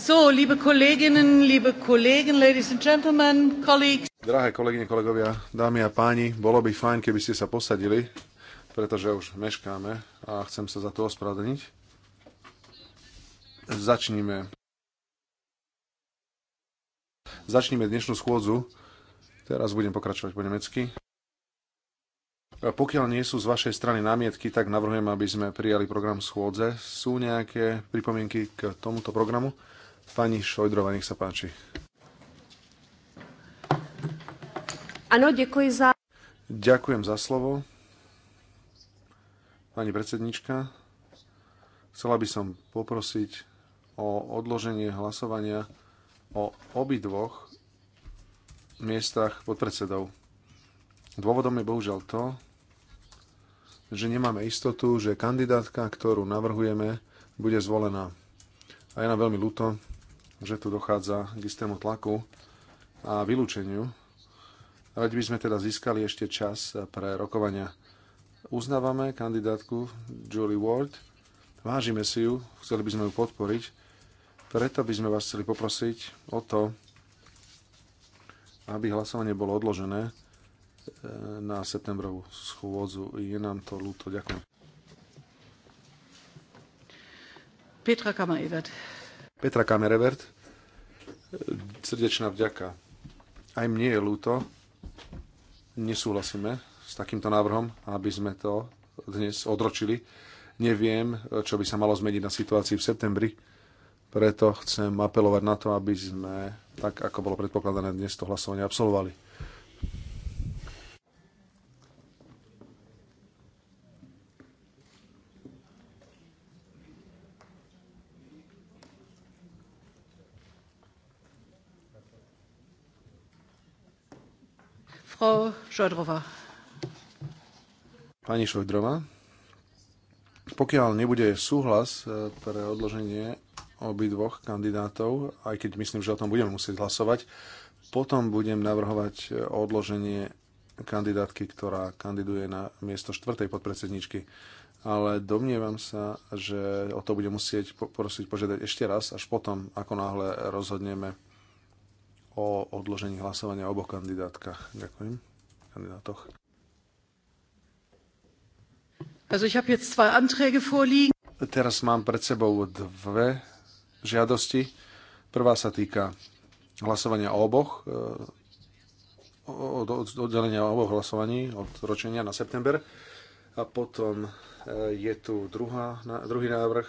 So, liebe Kolleginnen, liebe Kollegen, ladies and gentlemen, colleagues. Drahé kolegyne, kolegovia, dámy a páni, bolo by fajn, keby ste sa posadili, pretože už meškáme a chcem sa za to ospravedlniť. Začníme. Začníme dnešnú schôdzu. Teraz budem pokračovať po nemecky. pokiaľ nie sú z vašej strany námietky, tak navrhujem, aby sme prijali program schôdze. Sú nejaké pripomienky k tomuto programu? Pani Šojdrova, nech sa páči. Áno, ďakujem za... Ďakujem za slovo. Pani predsednička, chcela by som poprosiť o odloženie hlasovania o obidvoch miestach podpredsedov. Dôvodom je bohužiaľ to, že nemáme istotu, že kandidátka, ktorú navrhujeme, bude zvolená. A je nám veľmi ľúto, že tu dochádza k istému tlaku a vylúčeniu. Radi by sme teda získali ešte čas pre rokovania. Uznávame kandidátku Julie Ward, vážime si ju, chceli by sme ju podporiť, preto by sme vás chceli poprosiť o to, aby hlasovanie bolo odložené e, na septembrovú schôdzu. Je nám to ľúto. Ďakujem. Petra Kammer-Evert. Petra Kamerevert, srdečná vďaka. Aj mne je ľúto, nesúhlasíme s takýmto návrhom, aby sme to dnes odročili. Neviem, čo by sa malo zmeniť na situácii v septembri, preto chcem apelovať na to, aby sme, tak ako bolo predpokladané, dnes to hlasovanie absolvovali. Pani Šojdrova, pokiaľ nebude súhlas e, pre odloženie obidvoch kandidátov, aj keď myslím, že o tom budeme musieť hlasovať, potom budem navrhovať e, odloženie kandidátky, ktorá kandiduje na miesto štvrtej podpredsedničky. Ale domnievam sa, že o to budem musieť poprosiť, požiadať ešte raz, až potom, ako náhle rozhodneme o odložení hlasovania o oboch kandidátkach. Ďakujem. Kandidátoch. Also ich habe jetzt zwei Anträge vorliegen. Teraz mám pred sebou dve žiadosti. Prvá sa týka hlasovania o oboch, e, od oddelenia oboch hlasovaní, od ročenia na september. A potom e, je tu druhá, druhý návrh,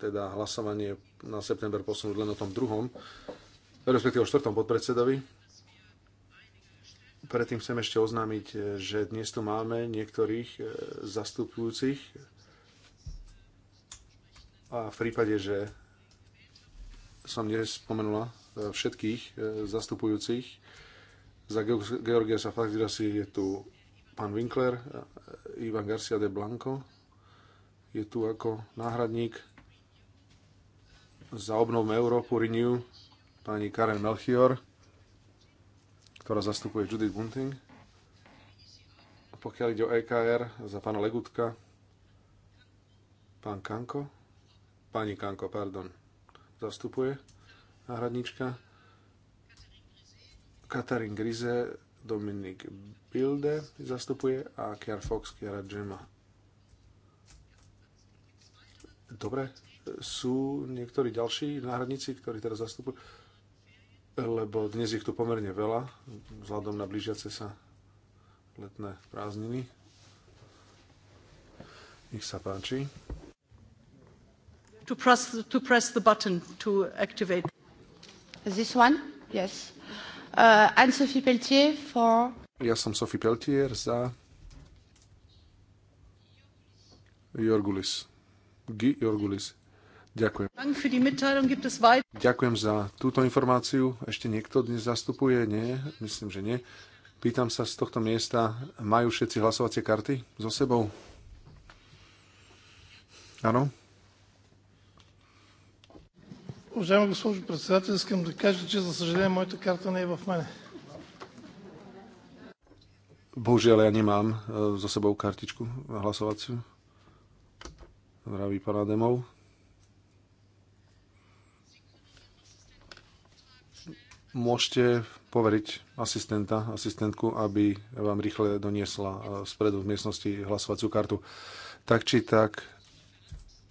teda hlasovanie na september posunúť len o tom druhom respektíve o štvrtom podpredsedovi. Predtým chcem ešte oznámiť, že dnes tu máme niektorých e, zastupujúcich a v prípade, že som nespomenula e, všetkých e, zastupujúcich, za Georgia Safakdirasi je tu pán Winkler, Ivan Garcia de Blanco, je tu ako náhradník za obnovom Európu Renew pani Karen Melchior, ktorá zastupuje Judith Bunting. Pokiaľ ide o EKR, za pána Legutka, pán Kanko, pani Kanko, pardon, zastupuje náhradnička. Katarín Grize, Dominik Bilde zastupuje a Kiar Fox, Kiara Gemma. Dobre, sú niektorí ďalší náhradníci, ktorí teraz zastupujú lebo dnes ich tu pomerne veľa, vzhľadom na blížiace sa letné prázdniny. Nech sa páči. To press, to press the button to activate. This one? Yes. Uh, Anne-Sophie Peltier for... Ja som Sophie Peltier za... Jorgulis. Guy Jorgulis. Ďakujem. Ďakujem za túto informáciu. Ešte niekto dnes zastupuje? Nie, myslím, že nie. Pýtam sa z tohto miesta, majú všetci hlasovacie karty so sebou? Áno? Уважаема госпожо председател, искам да кажа, че за съжаление моята карта не е в мене. Bohužiaľ, ja nemám e, so sebou kartičku hlasovaciu. Vraví pán Demov. môžete poveriť asistenta, asistentku, aby vám rýchle doniesla eh, spredu v miestnosti hlasovaciu kartu. Tak či tak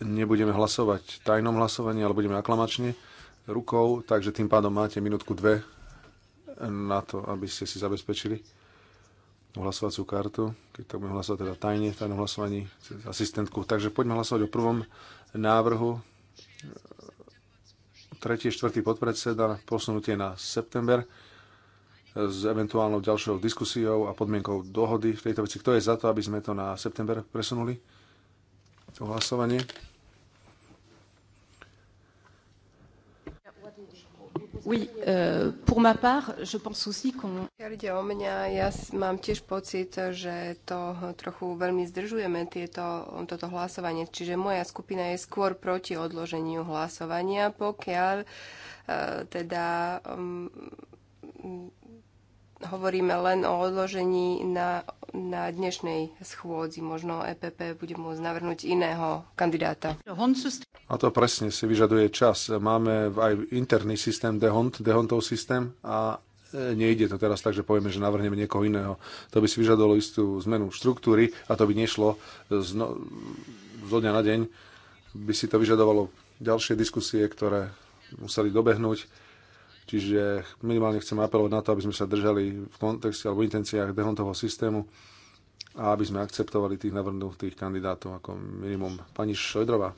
nebudeme hlasovať tajnom hlasovaní, ale budeme aklamačne rukou, takže tým pádom máte minútku dve na to, aby ste si zabezpečili hlasovaciu kartu, keď tak budeme hlasovať teda tajne, v tajnom hlasovaní cez asistentku. Takže poďme hlasovať o prvom návrhu tretí, štvrtý podpredseda, posunutie na september s eventuálnou ďalšou diskusiou a podmienkou dohody v tejto veci. Kto je za to, aby sme to na september presunuli? To hlasovanie. Oui, euh, pour ma part, je pense aussi qu'on... ide o mňa, ja mám tiež pocit, že to trochu veľmi zdržujeme, tieto, toto hlasovanie. Čiže moja skupina je skôr proti odloženiu hlasovania, pokiaľ uh, teda um, hovoríme len o odložení na, na dnešnej schôdzi. Možno EPP bude môcť navrhnúť iného kandidáta. A to presne si vyžaduje čas. Máme aj interný systém Dehont, Dehontov systém a e, nejde to teraz tak, že povieme, že navrhneme niekoho iného. To by si vyžadovalo istú zmenu štruktúry a to by nešlo z, no, zo dňa na deň. By si to vyžadovalo ďalšie diskusie, ktoré museli dobehnúť Čiže minimálne chcem apelovať na to, aby sme sa držali v kontexte alebo intenciách Dehontovho systému a aby sme akceptovali tých navrhnutých kandidátov ako minimum. Pani Šojdrová.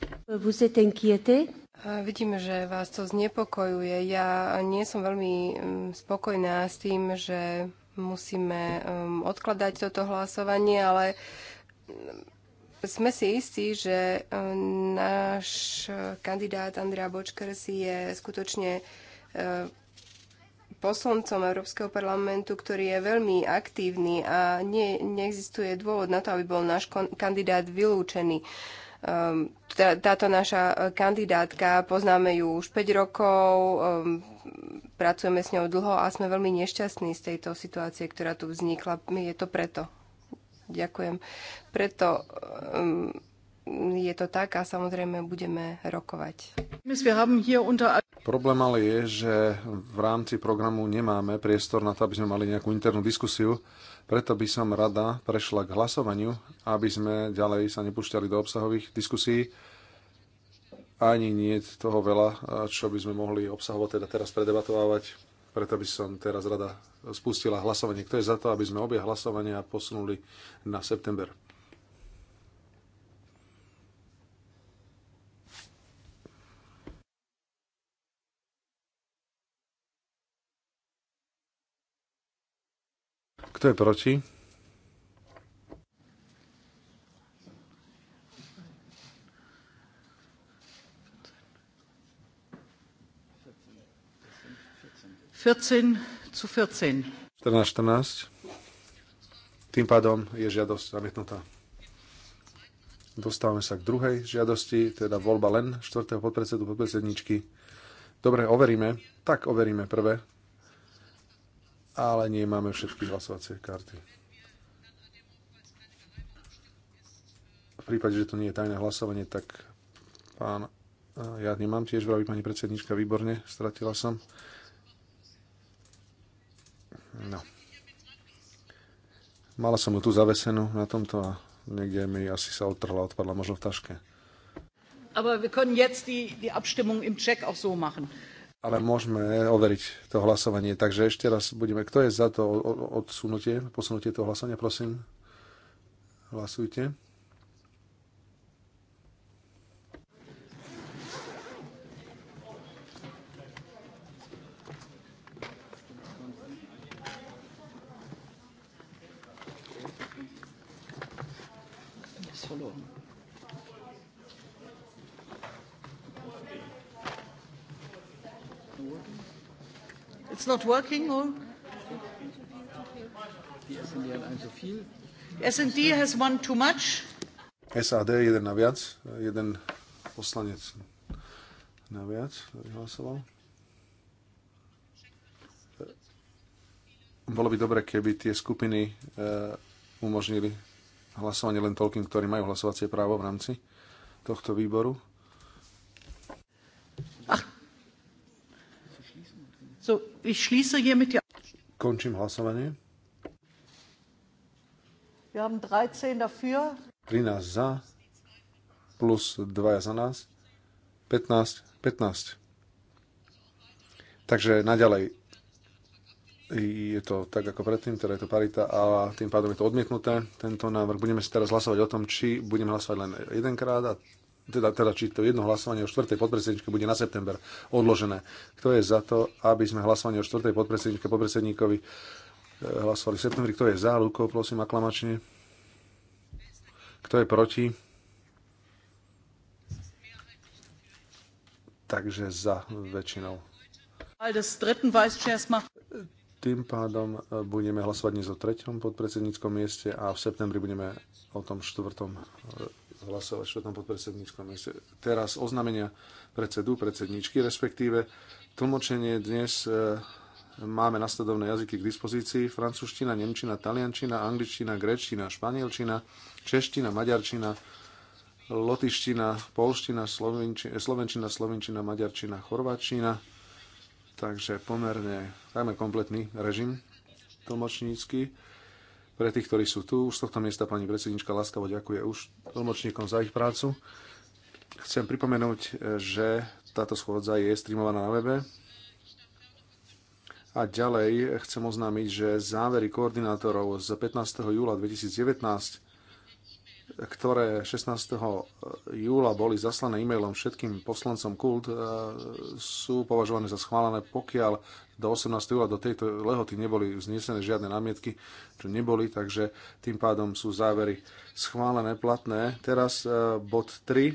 Vidíme, že vás to znepokojuje. Ja nie som veľmi mm, spokojná s tým, že musíme mm, odkladať toto hlasovanie, ale mm, sme si istí, že náš kandidát Andrea Bočkers je skutočne E, poslancom Európskeho parlamentu, ktorý je veľmi aktívny a nie, neexistuje dôvod na to, aby bol náš kandidát vylúčený. Ehm, tá, táto naša e, kandidátka, poznáme ju už 5 rokov, ehm, pracujeme s ňou dlho a sme veľmi nešťastní z tejto situácie, ktorá tu vznikla. Je to preto. Ďakujem. Preto ehm, je to tak a samozrejme budeme rokovať. Problém ale je, že v rámci programu nemáme priestor na to, aby sme mali nejakú internú diskusiu, preto by som rada prešla k hlasovaniu, aby sme ďalej sa nepúšťali do obsahových diskusí. Ani nie je toho veľa, eh, čo by sme mohli obsahovo teda teraz predebatovávať. Preto by som teraz rada spustila hlasovanie. Kto je za to, aby sme obie hlasovania posunuli na september? Kto je proti? zu 14. Tým pádom je žiadosť zamietnutá. Dostávame sa k druhej žiadosti, teda voľba len štvrtého podpredsedu podpredsedničky. Dobre, overíme. Tak overíme prvé ale nemáme všetky hlasovacie karty. V prípade, že to nie je tajné hlasovanie, tak pán, eh, ja nemám tiež, vraví pani predsednička, výborne, stratila som. No. Mala som ju tu zavesenú na tomto a niekde mi asi sa odtrhla, odpadla možno v taške. Aber wir können jetzt die, die Abstimmung im Check auch so machen ale môžeme overiť to hlasovanie. Takže ešte raz budeme, kto je za to odsunutie, posunutie toho hlasovania, prosím, hlasujte. verloren. It's not working or? S&D has one too much. SAD jeden na viac, jeden poslanec na viac vyhlasoval. Bolo by dobre, keby tie skupiny eh, umožnili hlasovanie len toľkým, ktorí majú hlasovacie právo v rámci tohto výboru. Končím hlasovanie. 13 za, plus 2 za nás, 15, 15. Takže naďalej je to tak ako predtým, teda je to parita a tým pádom je to odmietnuté. Tento návrh budeme si teraz hlasovať o tom, či budeme hlasovať len jedenkrát a teda, teda či to jedno hlasovanie o štvrtej podpredsedničke bude na september odložené. Kto je za to, aby sme hlasovanie o štvrtej podpredsedničke podpredsedníkovi eh, hlasovali v septembri? Kto je za? Luko, prosím, aklamačne. Kto je proti? Takže za väčšinou. Tým pádom eh, budeme hlasovať dnes o treťom podpredsedníckom mieste a v septembri budeme o tom štvrtom eh, hlasovať v štvrtom podpredsedníckom mieste. Teraz oznamenia predsedu, predsedničky, respektíve tlmočenie dnes e, máme nasledovné jazyky k dispozícii. Francúzština, nemčina, taliančina, angličtina, Grečtina, španielčina, čeština, maďarčina, lotiština, polština, slovenčina, slovenčina, slovenčina, maďarčina, chorváčina. Takže pomerne, dajme kompletný režim tlmočnícky pre tých, ktorí sú tu, už z tohto miesta pani predsednička láskavo ďakuje už tlmočníkom za ich prácu. Chcem pripomenúť, že táto schôdza je streamovaná na webe. A ďalej chcem oznámiť, že závery koordinátorov z 15. júla 2019 ktoré 16. Eh, júla boli zaslané e-mailom všetkým poslancom KULT, eh, sú považované za schválené, pokiaľ do 18. júla do tejto lehoty neboli vznesené žiadne námietky, čo neboli, takže tým pádom sú závery schválené, platné. Teraz eh, bod 3,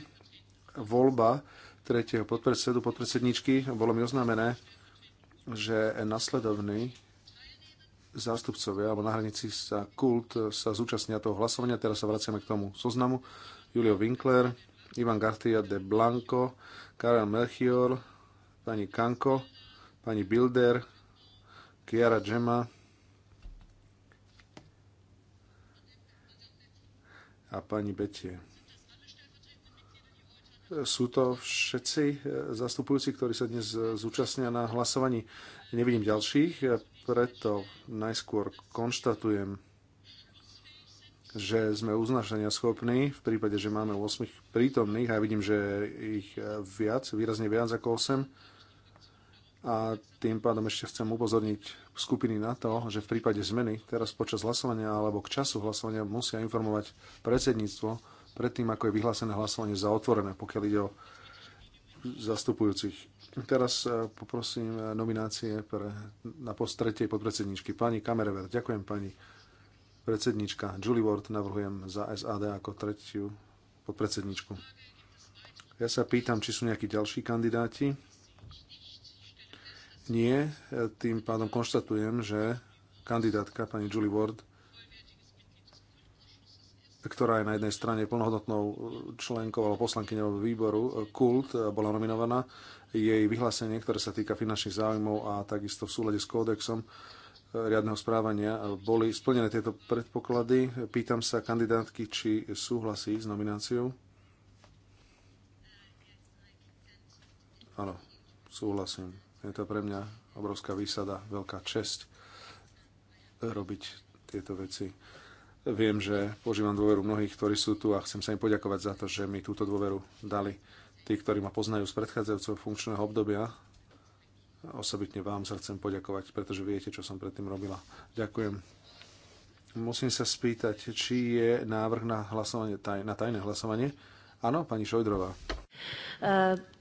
voľba tretieho podpredsedu, podpredsedničky, bolo mi oznámené, že nasledovný zástupcovia alebo na hranici sa kult sa zúčastnia toho hlasovania. Teraz sa vraciame k tomu zoznamu. Julio Winkler, Ivan Garcia de Blanco, Karel Melchior, pani Kanko, pani Bilder, Kiara Gemma a pani Betie. Sú to všetci zastupujúci, ktorí sa dnes zúčastnia na hlasovaní. Nevidím ďalších. Preto najskôr konštatujem, že sme uznašania schopní v prípade, že máme 8 prítomných a ja vidím, že ich eh, viac, výrazne viac ako 8. A tým pádom ešte chcem upozorniť skupiny na to, že v prípade zmeny teraz počas hlasovania alebo k času hlasovania musia informovať predsedníctvo predtým, ako je vyhlásené hlasovanie za otvorené, pokiaľ ide o zastupujúcich. Teraz e, poprosím e, nominácie pre, na post tretej podpredsedničky. Pani Kamerever, ďakujem pani predsednička. Julie Ward navrhujem za SAD ako tretiu podpredsedničku. Ja sa pýtam, či sú nejakí ďalší kandidáti. Nie, e, tým pádom konštatujem, že kandidátka pani Julie Ward ktorá je na jednej strane plnohodnotnou členkou alebo poslankyňou výboru eh, Kult, eh, bola nominovaná. Jej vyhlásenie, ktoré sa týka finančných záujmov a takisto v súlade s kódexom eh, riadneho správania, boli splnené tieto predpoklady. Pýtam sa kandidátky, či súhlasí s nomináciou. Áno, súhlasím. Je to pre mňa obrovská výsada, veľká česť robiť tieto veci Viem, že požívam dôveru mnohých, ktorí sú tu a chcem sa im poďakovať za to, že mi túto dôveru dali tí, ktorí ma poznajú z predchádzajúceho funkčného obdobia. Osobitne vám sa chcem poďakovať, pretože viete, čo som predtým robila. Ďakujem. Musím sa spýtať, či je návrh na, hlasovanie, taj, na tajné hlasovanie. Áno, pani Šojdrová. E,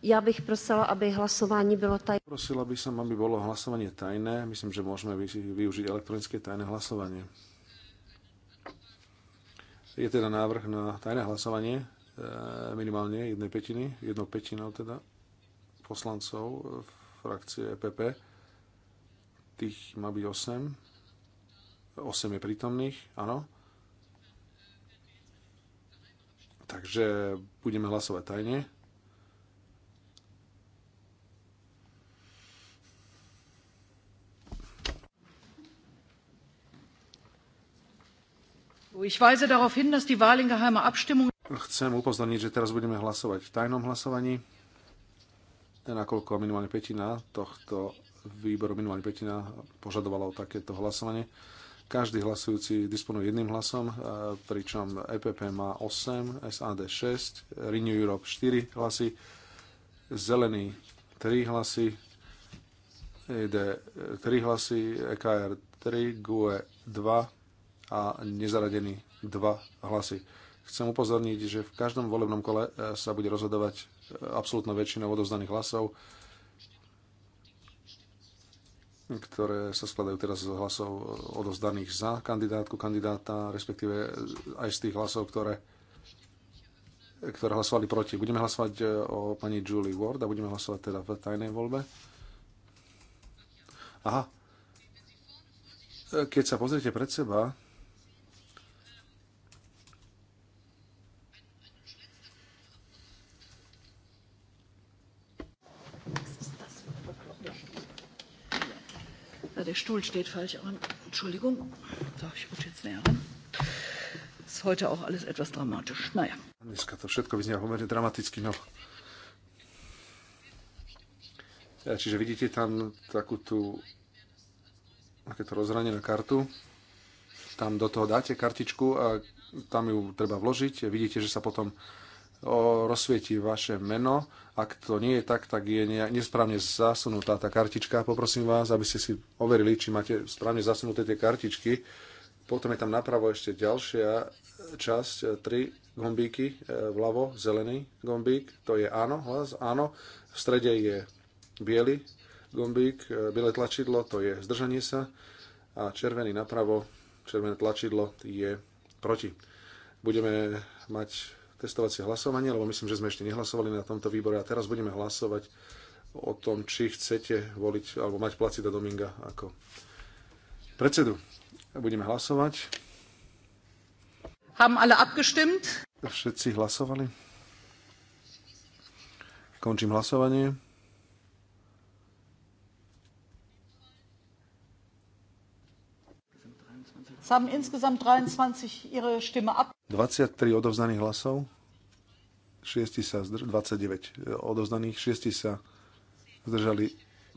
ja bych prosila, aby hlasovanie bylo tajné. Prosila by som, aby bolo hlasovanie tajné. Myslím, že môžeme využiť elektronické tajné hlasovanie. Je teda návrh na tajné hlasovanie e, minimálne jednej petiny, jednou petinou teda poslancov e, frakcie EPP. Tých má byť 8. 8 je prítomných, áno. Takže budeme hlasovať tajne. Chcem upozorniť, že teraz budeme hlasovať v tajnom hlasovaní, nakoľko minimálne petina tohto výboru, minimálne petina požadovala o takéto hlasovanie. Každý hlasujúci disponuje jedným hlasom, e, pričom EPP má 8, SAD 6, Renew Europe 4 hlasy, Zelený 3 hlasy, ED 3 hlasy, EKR 3, GUE 2, a nezaradení dva hlasy. Chcem upozorniť, že v každom volebnom kole e, sa bude rozhodovať e, absolútna väčšina odovzdaných hlasov, ktoré sa skladajú teraz z hlasov e, odovzdaných za kandidátku, kandidáta, respektíve aj z tých hlasov, ktoré, ktoré hlasovali proti. Budeme hlasovať o pani Julie Ward a budeme hlasovať teda v tajnej voľbe. Aha. Keď sa pozriete pred seba, Stuhl steht falsch an. Entschuldigung. So, ich rutsche jetzt näher ran. Ist heute auch alles etwas dramatisch. Naja. Dneska to všetko vyznie pomerne dramaticky, no. Ja, e, čiže vidíte tam takú tú takéto rozhranie na kartu. Tam do toho dáte kartičku a tam ju treba vložiť. Vidíte, že sa potom rozsvietí vaše meno. Ak to nie je tak, tak je nesprávne zasunutá tá kartička. Poprosím vás, aby ste si overili, či máte správne zasunuté tie kartičky. Potom je tam napravo ešte ďalšia časť, e, tri gombíky, e, vľavo zelený gombík, to je áno, hlas, áno. V strede je biely gombík, e, biele tlačidlo, to je zdržanie sa a červený napravo, červené tlačidlo je proti. Budeme mať testovacie hlasovanie, lebo myslím, že sme ešte nehlasovali na tomto výbore a teraz budeme hlasovať o tom, či chcete voliť alebo mať Placida Dominga ako predsedu. Budeme hlasovať. Haben alle abgestimmt? Všetci hlasovali. Končím hlasovanie. haben insgesamt 23 ihre Stimme ab. 23 odovzdaných hlasov. 6 sa zdr- 29 odoznaných, 6 sa zdržali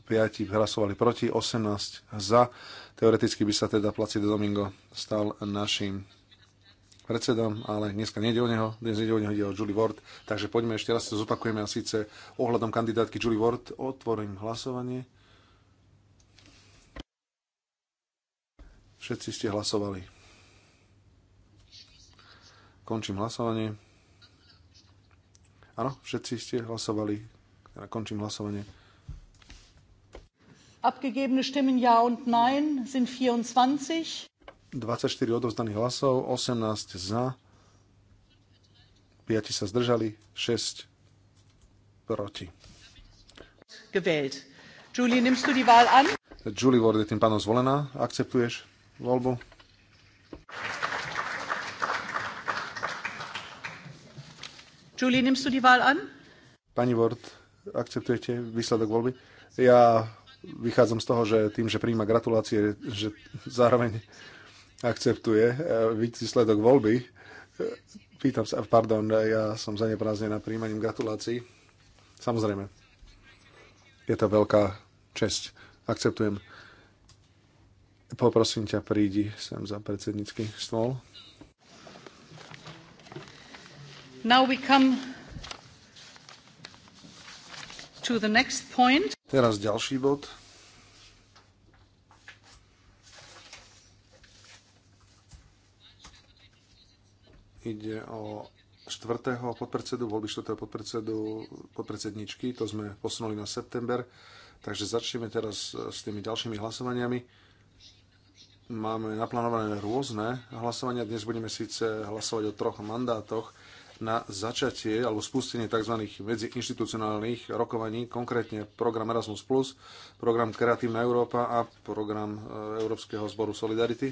5 hlasovali proti, 18 za. Teoreticky by sa teda Placido Domingo stal našim predsedom, ale dneska nejde o neho, dnes nejde o neho, ide o Julie Ward. Takže poďme ešte raz, to zopakujeme a síce ohľadom kandidátky Julie Ward otvorím hlasovanie. Všetci ste hlasovali. Končím hlasovanie. Áno, všetci ste hlasovali. Ja teda končím hlasovanie. Abgegebene Stimmen ja und nein sind 24. 24 odovzdaných hlasov, 18 za, 5 sa zdržali, 6 proti. Gewählt. Julie, nimmst du die Wahl an? Julie wurde tým pánom zvolená. Akceptuješ voľbu? Julie, nimmst du die Wahl an? Pani Ward, akceptujete výsledok voľby? Ja vychádzam z toho, že tým, že príjma gratulácie, že zároveň akceptuje e, výsledok voľby. E, pýtam sa, pardon, ja som zaneprázdnená príjmaním gratulácií. Samozrejme, je to veľká česť. Akceptujem. Poprosím ťa, prídi sem za predsednícky stôl. Teraz ďalší bod. Ide o štvrtého podpredsedu, voľby štvrtého podpredsedu, podpredsedničky, to sme posunuli na september, takže začneme teraz s tými ďalšími hlasovaniami. Máme naplánované rôzne hlasovania, dnes budeme síce hlasovať o troch mandátoch, na začatie alebo spustenie tzv. medziinstitucionálnych rokovaní, konkrétne program Erasmus+, program Kreatívna Európa a program e, Európskeho zboru Solidarity.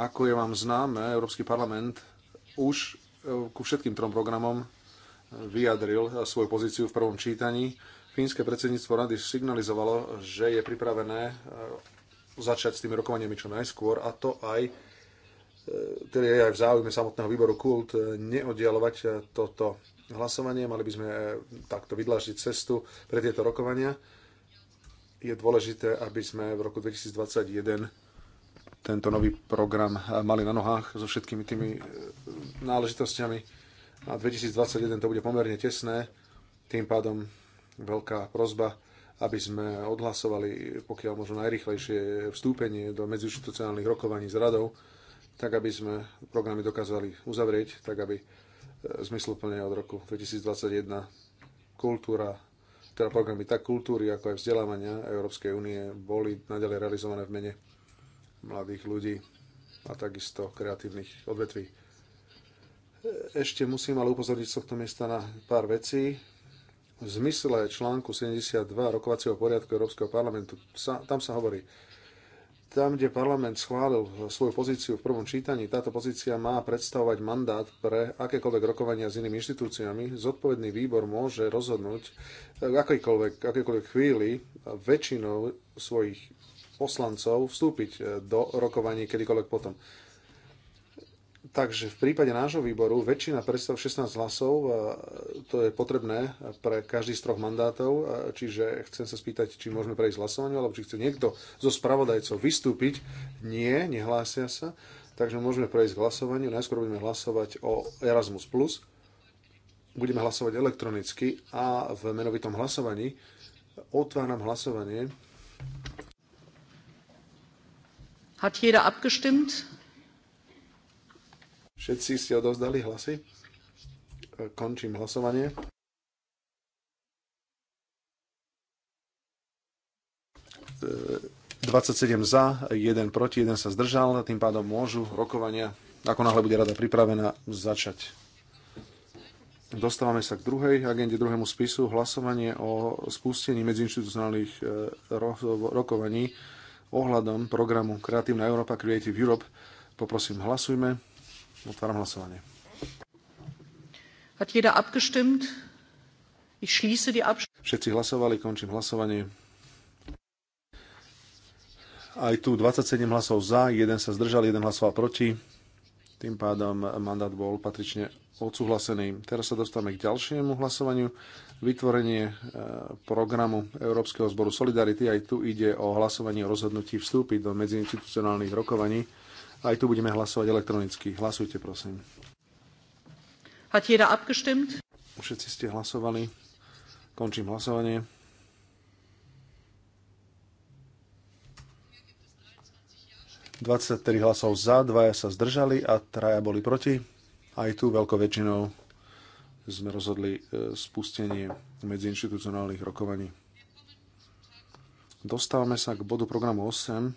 Ako je vám známe, Európsky parlament už e, ku všetkým trom programom e, vyjadril svoju pozíciu v prvom čítaní. Fínske predsedníctvo rady signalizovalo, že je pripravené začať s tými rokovaniami čo najskôr, a to aj ktorý je aj v záujme samotného výboru KULT, eh, neoddialovať eh, toto hlasovanie. Mali by sme eh, takto vydlažiť cestu pre tieto rokovania. Je dôležité, aby sme v roku 2021 tento nový program mali na nohách so všetkými tými náležitostiami. A 2021 to bude pomerne tesné, tým pádom veľká prozba, aby sme odhlasovali pokiaľ možno najrychlejšie vstúpenie do medziinstitucionálnych rokovaní s radou tak aby sme programy dokázali uzavrieť, tak aby e, zmysluplne od roku 2021 kultúra, teda programy tak kultúry, ako aj vzdelávania Európskej únie boli naďalej realizované v mene mladých ľudí a takisto kreatívnych odvetví. Ešte musím ale upozorniť z tohto miesta na pár vecí. V zmysle článku 72 rokovacieho poriadku Európskeho parlamentu, sa, tam sa hovorí, tam, kde parlament schválil svoju pozíciu v prvom čítaní, táto pozícia má predstavovať mandát pre akékoľvek rokovania s inými inštitúciami. Zodpovedný výbor môže rozhodnúť v akejkoľvek, akejkoľvek chvíli väčšinou svojich poslancov vstúpiť do rokovaní kedykoľvek potom. Takže v prípade nášho výboru väčšina predstav 16 hlasov, to je potrebné pre každý z troch mandátov, čiže chcem sa spýtať, či môžeme prejsť hlasovaniu, alebo či chce niekto zo spravodajcov vystúpiť. Nie, nehlásia sa. Takže môžeme prejsť k hlasovaniu. Najskôr budeme hlasovať o Erasmus+. Budeme hlasovať elektronicky a v menovitom hlasovaní otváram hlasovanie. Hat jeder abgestimmt? Všetci ste odovzdali hlasy? E, končím hlasovanie. E 27 za, 1 proti, 1 sa zdržal, tým pádom môžu rokovania, ako náhle bude rada pripravená, začať. Dostávame sa k druhej agende, druhému spisu, hlasovanie o spustení medziinstitucionálnych e, rokovaní ohľadom programu Kreatívna Európa, Creative Europe. Poprosím, hlasujme. Otváram hlasovanie. Hat jeder abgestimmt? Ich schließe die Abstimmung. Všetci hlasovali, končím hlasovanie. Aj tu 27 hlasov za, jeden sa zdržal, jeden hlasoval proti. Tým pádom mandát bol patrične odsúhlasený. Teraz sa dostávame k ďalšiemu hlasovaniu. Vytvorenie e, programu Európskeho zboru Solidarity. Aj tu ide o hlasovanie o rozhodnutí vstúpiť do medziinstitucionálnych rokovaní. Aj tu budeme hlasovať elektronicky. Hlasujte, prosím. Hat jeder abgestimmt? Všetci ste hlasovali. Končím hlasovanie. Dvadsaťtri hlasov za, dvaja sa zdržali a traja boli proti. Aj tu veľkou väčšinou sme rozhodli e, spustenie medziinstitucionálnych rokovaní. Dostávame sa k bodu programu 8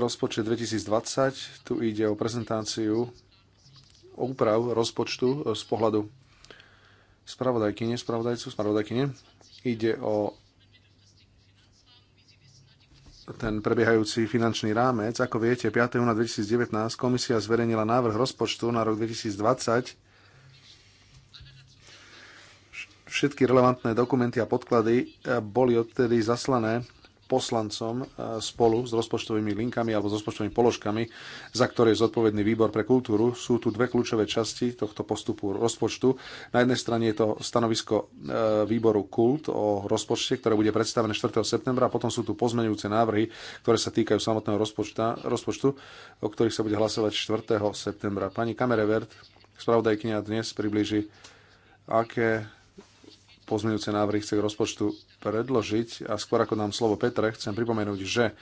rozpočet 2020. Tu ide o prezentáciu úprav rozpočtu e, z pohľadu spravodajkyne, spravodajcu, spravodajkyne. Ide o ten prebiehajúci finančný rámec. Ako viete, 5. júna 2019 komisia zverejnila návrh rozpočtu na rok 2020. Všetky relevantné dokumenty a podklady e, boli odtedy zaslané poslancom e, spolu s rozpočtovými linkami alebo s rozpočtovými položkami, za ktoré je zodpovedný výbor pre kultúru. Sú tu dve kľúčové časti tohto postupu rozpočtu. Na jednej strane je to stanovisko e, výboru Kult o rozpočte, ktoré bude predstavené 4. septembra a potom sú tu pozmenujúce návrhy, ktoré sa týkajú samotného rozpočta, rozpočtu, o ktorých sa bude hlasovať 4. septembra. Pani Kamerevert, spravodajkynia dnes približí, aké pozmeňujúce návrhy chce k rozpočtu predložiť. A skôr ako dám slovo Petre, chcem pripomenúť, že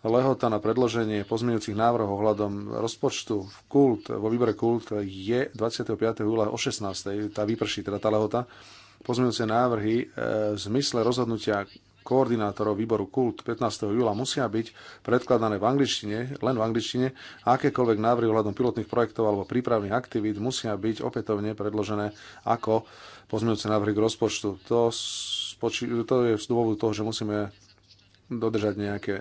lehota na predloženie pozmeňujúcich návrhov ohľadom rozpočtu v kult, vo výbere kult je 25. júla o 16. Tá vyprší, teda tá lehota. Pozmeňujúce návrhy e, v zmysle rozhodnutia koordinátorov výboru KULT 15. júla musia byť predkladané v angličtine, len v angličtine, a akékoľvek návrhy ohľadom pilotných projektov alebo prípravných aktivít musia byť opätovne predložené ako pozmeňujúce návrhy k rozpočtu. To, spoči- to je z dôvodu toho, že musíme dodržať nejaké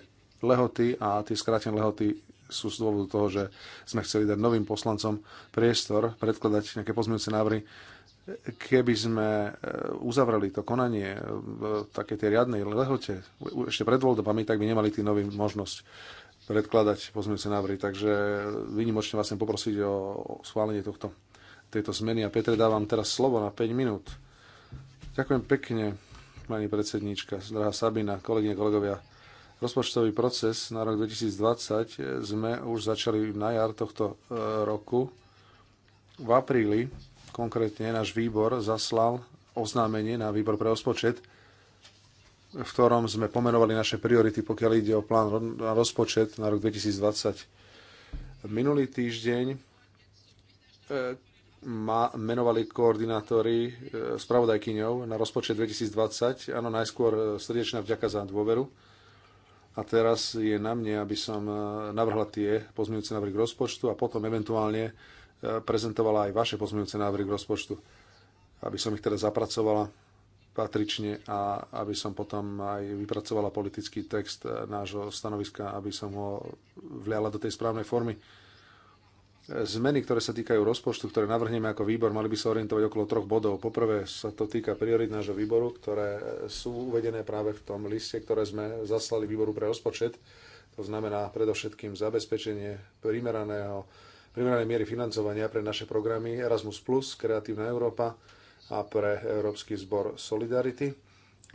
lehoty a tie skrátené lehoty sú z dôvodu toho, že sme chceli dať novým poslancom priestor predkladať nejaké pozmeňujúce návrhy keby sme e, uzavreli to konanie v takej tej riadnej lehote ešte pred voľbami, tak by nemali tí noví možnosť predkladať pozmeňujúce návrhy. Takže vynimočne vás chcem poprosiť o schválenie tohto, tejto zmeny. A Petre, dávam teraz slovo na 5 minút. Ďakujem pekne, pani predsedníčka, drahá Sabina, kolegyne, kolegovia. Rozpočtový proces na rok 2020 sme už začali na jar tohto e, roku v apríli konkrétne náš výbor zaslal oznámenie na výbor pre rozpočet, v ktorom sme pomenovali naše priority, pokiaľ ide o plán na rozpočet na rok 2020. Minulý týždeň e, ma menovali koordinátori e, spravodajkyňov na rozpočet 2020. Áno, najskôr e, srdečná vďaka za dôveru. A teraz je na mne, aby som navrhla tie pozmeňujúce návrhy k rozpočtu a potom eventuálne prezentovala aj vaše pozmeňujúce návrhy k rozpočtu, aby som ich teda zapracovala patrične a aby som potom aj vypracovala politický text eh, nášho stanoviska, aby som ho vliala do tej správnej formy. Zmeny, ktoré sa týkajú rozpočtu, ktoré navrhneme ako výbor, mali by sa orientovať okolo troch bodov. Poprvé sa to týka priorit nášho výboru, ktoré eh, sú uvedené práve v tom liste, ktoré sme zaslali výboru pre rozpočet. To znamená predovšetkým zabezpečenie primeraného primeranej miery financovania pre naše programy Erasmus+, Kreatívna Európa a pre Európsky zbor Solidarity,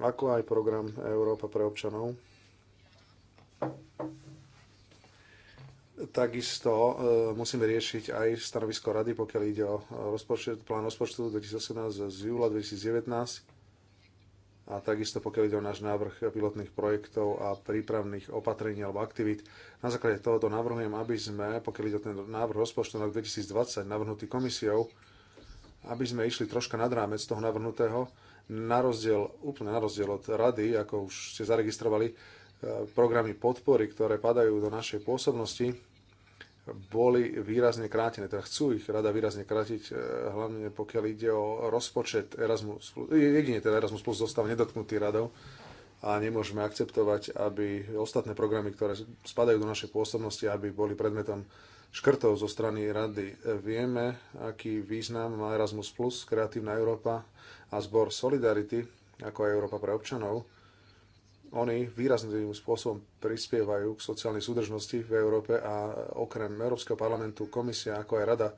ako aj program Európa pre občanov. Takisto e, musíme riešiť aj stanovisko rady, pokiaľ ide o rozpočet, plán rozpočtu 2018 z júla 2019 a takisto pokiaľ ide o náš návrh pilotných projektov a prípravných opatrení alebo aktivít. Na základe tohoto navrhujem, aby sme, pokiaľ ide o ten návrh rozpočtu na rok 2020 navrhnutý komisiou, aby sme išli troška nad rámec toho navrhnutého, na rozdiel, úplne na rozdiel od rady, ako už ste zaregistrovali, eh, programy podpory, ktoré padajú do našej pôsobnosti, boli výrazne krátené, teda chcú ich rada výrazne krátiť, e, hlavne pokiaľ ide o rozpočet Erasmus, e, jedine teda Erasmus Plus zostáva nedotknutý radou a nemôžeme akceptovať, aby ostatné programy, ktoré spadajú do našej pôsobnosti, aby boli predmetom škrtov zo strany rady. E, vieme, aký význam má Erasmus Plus, Kreatívna Európa a zbor Solidarity, ako aj Európa pre občanov oni výrazným spôsobom prispievajú k sociálnej súdržnosti v Európe a okrem Európskeho parlamentu komisia ako aj rada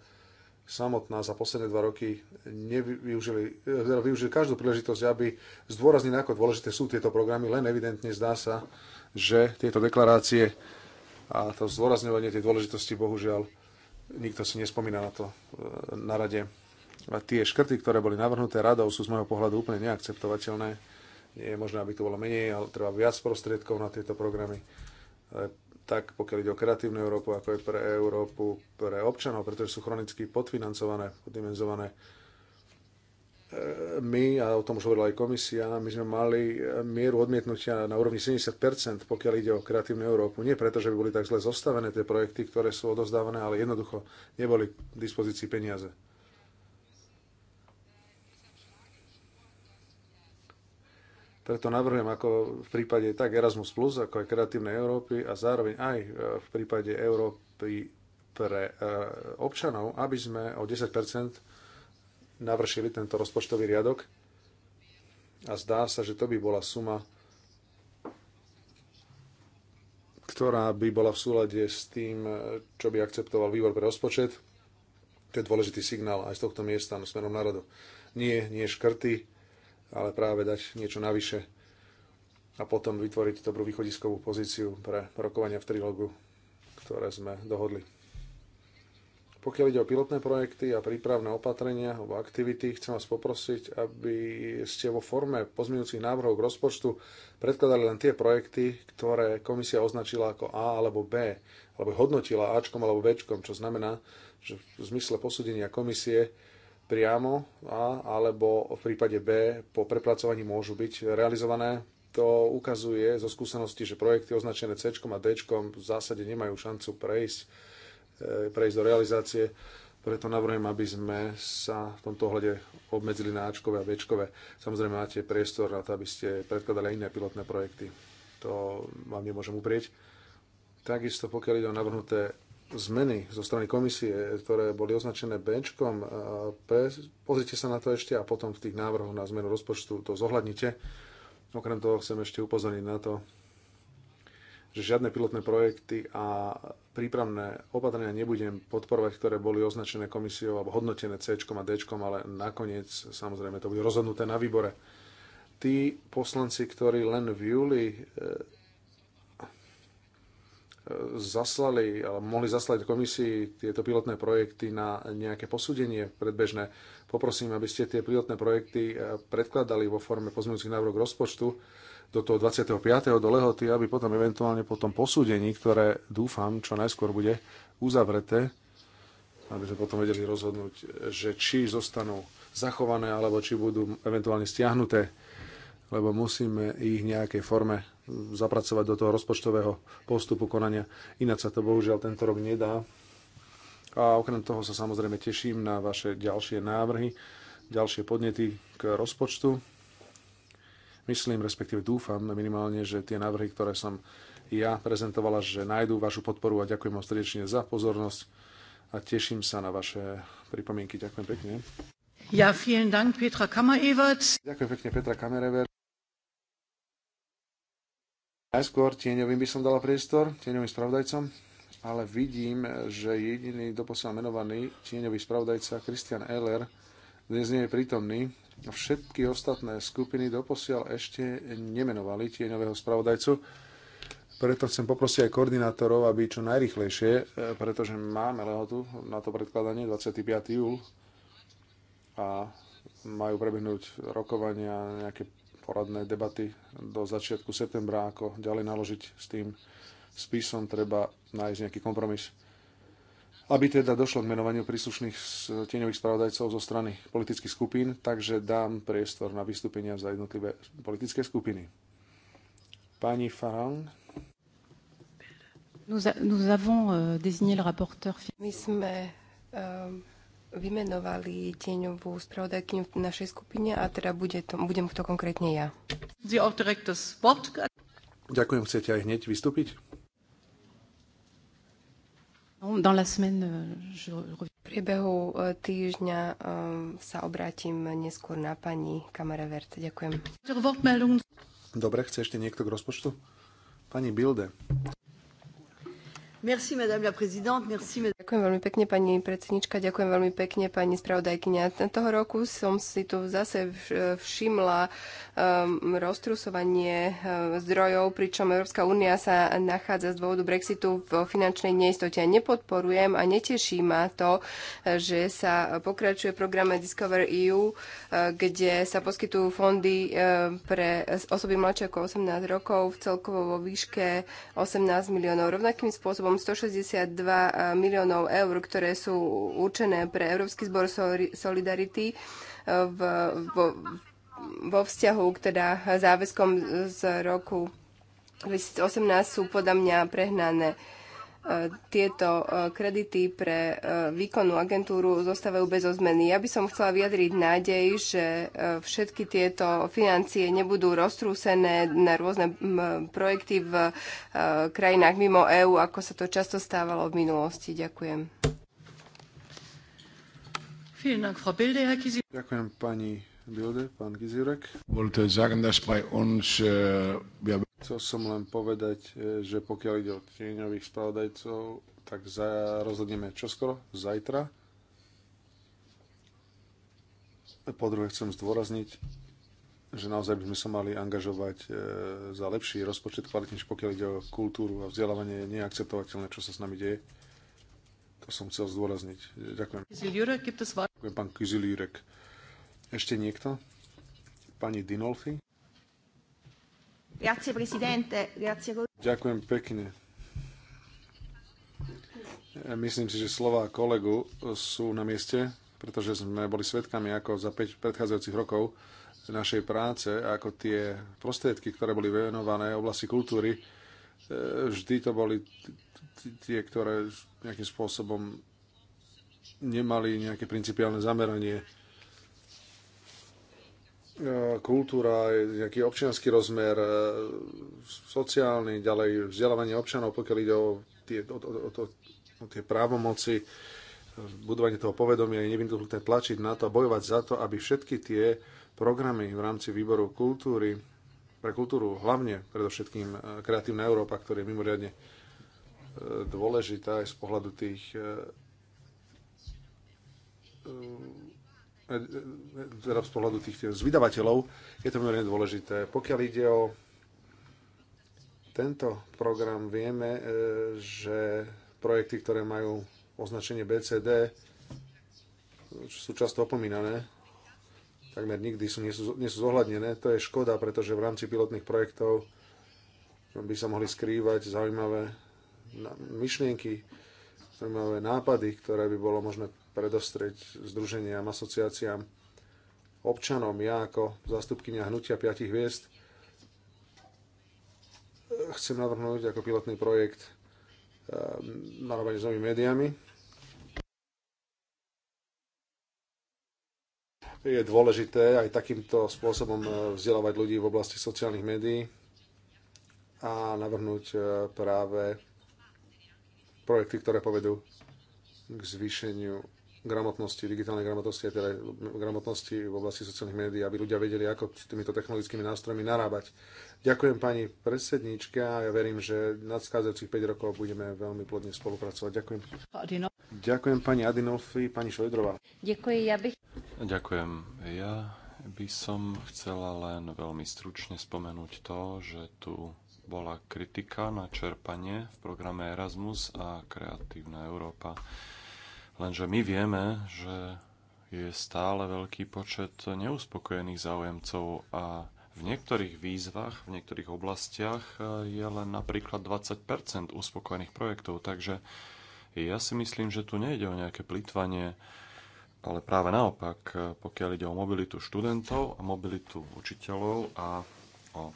samotná za posledné dva roky nevyužili, teda využili každú príležitosť, aby zdôraznili, ako dôležité sú tieto programy, len evidentne zdá sa, že tieto deklarácie a to zdôrazňovanie tej dôležitosti bohužiaľ nikto si nespomína na to e, na rade. A tie škrty, ktoré boli navrhnuté radou, sú z môjho pohľadu úplne neakceptovateľné nie je možné, aby to bolo menej, ale treba viac prostriedkov na tieto programy. Tak pokiaľ ide o kreatívnu Európu, ako aj pre Európu, pre občanov, pretože sú chronicky podfinancované, poddimenzované. E, my, a o tom už hovorila aj komisia, my sme mali mieru odmietnutia na úrovni 70%, pokiaľ ide o kreatívnu Európu. Nie preto, že by boli tak zle zostavené tie projekty, ktoré sú odozdávané, ale jednoducho neboli k dispozícii peniaze. Preto navrhujem ako v prípade tak Erasmus+, plus, ako aj Kreatívnej Európy a zároveň aj e, v prípade Európy pre e, občanov, aby sme o 10% navršili tento rozpočtový riadok. A zdá sa, že to by bola suma, ktorá by bola v súlade s tým, e, čo by akceptoval výbor pre rozpočet. To je dôležitý signál aj z tohto miesta no smerom národu. Nie, nie škrty, ale práve dať niečo navyše a potom vytvoriť dobrú východiskovú pozíciu pre rokovania v trilógu, ktoré sme dohodli. Pokiaľ ide o pilotné projekty a prípravné opatrenia alebo aktivity, chcem vás poprosiť, aby ste vo forme pozmeňujúcich návrhov k rozpočtu predkladali len tie projekty, ktoré komisia označila ako A alebo B, alebo hodnotila Ačkom alebo Bčkom, čo znamená, že v zmysle posúdenia komisie priamo A alebo v prípade B po prepracovaní môžu byť realizované. To ukazuje zo skúsenosti, že projekty označené C a D v zásade nemajú šancu prejsť, e, prejsť do realizácie. Preto navrhujem, aby sme sa v tomto ohľade obmedzili na Ačkové a Bčkové. Samozrejme máte priestor na to, aby ste predkladali iné pilotné projekty. To vám nemôžem uprieť. Takisto pokiaľ ide o navrhnuté zmeny zo strany komisie, ktoré boli označené Bčkom, pozrite sa na to ešte a potom v tých návrhoch na zmenu rozpočtu to zohľadnite. Okrem toho chcem ešte upozorniť na to, že žiadne pilotné projekty a prípravné opatrenia nebudem podporovať, ktoré boli označené komisiou alebo hodnotené C a D, ale nakoniec samozrejme to bude rozhodnuté na výbore. Tí poslanci, ktorí len v júli e, zaslali, ale mohli zaslať komisii tieto pilotné projekty na nejaké posúdenie predbežné. Poprosím, aby ste tie pilotné projekty eh, predkladali vo forme pozmeňujúcich návrhov rozpočtu do toho 25. do lehoty, aby potom eventuálne po tom posúdení, ktoré dúfam, čo najskôr bude uzavreté, aby sme potom vedeli rozhodnúť, že či zostanú zachované, alebo či budú eventuálne stiahnuté, lebo musíme ich v nejakej forme zapracovať do toho rozpočtového postupu konania. Ináč sa to bohužiaľ tento rok nedá. A okrem toho sa samozrejme teším na vaše ďalšie návrhy, ďalšie podnety k rozpočtu. Myslím, respektíve dúfam minimálne, že tie návrhy, ktoré som ja prezentovala, že nájdú vašu podporu a ďakujem vám srdečne za pozornosť a teším sa na vaše pripomienky. Ďakujem pekne. Ja, vielen Dank, Petra Kammerevert. Ďakujem pekne, Petra Kammerevert. Najskôr tieňovým by som dala priestor, tieňovým spravodajcom, ale vidím, že jediný doposiaľ menovaný tieňový spravodajca Christian Eller dnes nie je prítomný. Všetky ostatné skupiny doposiaľ ešte nemenovali tieňového spravodajcu. Preto chcem poprosiť aj koordinátorov, aby čo najrychlejšie, e, pretože máme lehotu na to predkladanie 25. júl a majú prebehnúť rokovania nejaké poradné debaty do začiatku septembra, ako ďalej naložiť s tým spisom, treba nájsť nejaký kompromis. Aby teda došlo k menovaniu príslušných tieňových spravodajcov zo strany politických skupín, takže dám priestor na vystúpenia za jednotlivé politické skupiny. Pani Farang. Nous, a, nous avons euh, désigné le rapporteur. My sme euh, vymenovali tieňovú spravodajkyňu v našej skupine a teda bude to, budem to konkrétne ja. Ďakujem, chcete aj hneď vystúpiť? Euh, v priebehu e, týždňa e, sa obrátim neskôr na pani Kamerevert. Ďakujem. Dobre, chce ešte niekto k rozpočtu? Pani Bilde. Merci, madame la présidente. Merci, madame... Ďakujem veľmi pekne, pani predsednička. Ďakujem veľmi pekne, pani spravodajkyňa. Toho roku som si tu zase všimla um, roztrusovanie ehm, zdrojov, pričom Európska únia sa nachádza z dôvodu Brexitu v finančnej neistote. Nepodporujem a neteší ma to, že sa pokračuje programe Discover EU, ehm, kde sa poskytujú fondy pre osoby mladšie ako 18 rokov v celkovo vo výške 18 miliónov. Rovnakým spôsobom celkom 162 eh, miliónov eur, ktoré sú určené pre Európsky zbor Solidarity eh, v, vo, vo vzťahu k teda záväzkom z roku 2018 sú podľa mňa prehnané tieto e, kredity pre e, výkonnú agentúru zostávajú bez ozmeny. Ja by som chcela vyjadriť nádej, že e, všetky tieto financie nebudú roztrúsené na rôzne projekty v krajinách mimo EÚ, ako sa to často stávalo v minulosti. Ďakujem. Ďakujem pani Bilde, pán Gizurek. Wollte sagen, dass bei uns, äh, wir Chcel som len povedať, e, že pokiaľ ide o tieňových spravodajcov, tak za, rozhodneme čoskoro, zajtra. Po druhé chcem zdôrazniť, že naozaj by sme sa mali angažovať e, za lepší rozpočet, kvalitnejší, pokiaľ ide o kultúru a vzdelávanie, je neakceptovateľné, čo sa s nami deje. To som chcel zdôrazniť. Ďakujem. Ďakujem, pán Kizil Jurek. Ešte niekto? Pani Dinolfi? Grazie, presidente. Grazie. Ďakujem pekne. Myslím si, že slova kolegu sú na mieste, pretože sme boli svedkami, ako za 5 predchádzajúcich rokov našej práce, ako tie prostriedky, ktoré boli venované oblasti kultúry, e, vždy to boli tie, ktoré nejakým spôsobom nemali nejaké principiálne zameranie E, kultúra, nejaký občianský rozmer, e, sociálny, ďalej vzdelávanie občanov, pokiaľ ide o tie, o, o, o, o tie právomoci, e, budovanie toho povedomia, je nevyhnutné tlačiť na to a bojovať za to, aby všetky tie programy v rámci výboru kultúry, pre kultúru hlavne, predovšetkým Kreatívna Európa, ktorá je mimoriadne dôležitá aj z pohľadu tých teda z pohľadu tých, tých z vydavateľov, je to veľmi dôležité. Pokiaľ ide o tento program, vieme, e, že projekty, ktoré majú označenie BCD, sú často opomínané, takmer nikdy sú, nie, sú, nie sú zohľadnené. To je škoda, pretože v rámci pilotných projektov by sa mohli skrývať zaujímavé myšlienky, zaujímavé nápady, ktoré by bolo možné predostrieť združeniam, asociáciám, občanom. Ja ako zástupkynia Hnutia 5 hviezd chcem navrhnúť ako pilotný projekt ehm, narobenie s novými médiami. Je dôležité aj takýmto spôsobom e, vzdelávať ľudí v oblasti sociálnych médií a navrhnúť e, práve projekty, ktoré povedú k zvýšeniu gramotnosti, digitálnej gramotnosti a teda gramotnosti v oblasti sociálnych médií, aby ľudia vedeli, ako s týmito technologickými nástrojmi narábať. Ďakujem pani predsednička a ja verím, že nadchádzajúcich 5 rokov budeme veľmi plodne spolupracovať. Ďakujem. Ďakujem pani Adinovi, pani Šojdrová. Ďakujem, ja by... Ďakujem. Ja by som chcela len veľmi stručne spomenúť to, že tu bola kritika na čerpanie v programe Erasmus a Kreatívna Európa. Lenže my vieme, že je stále veľký počet neuspokojených záujemcov a v niektorých výzvach, v niektorých oblastiach e, je len napríklad 20 uspokojených projektov. Takže ja si myslím, že tu nejde o nejaké plýtvanie, ale práve naopak, e, pokiaľ ide o mobilitu študentov a mobilitu učiteľov a o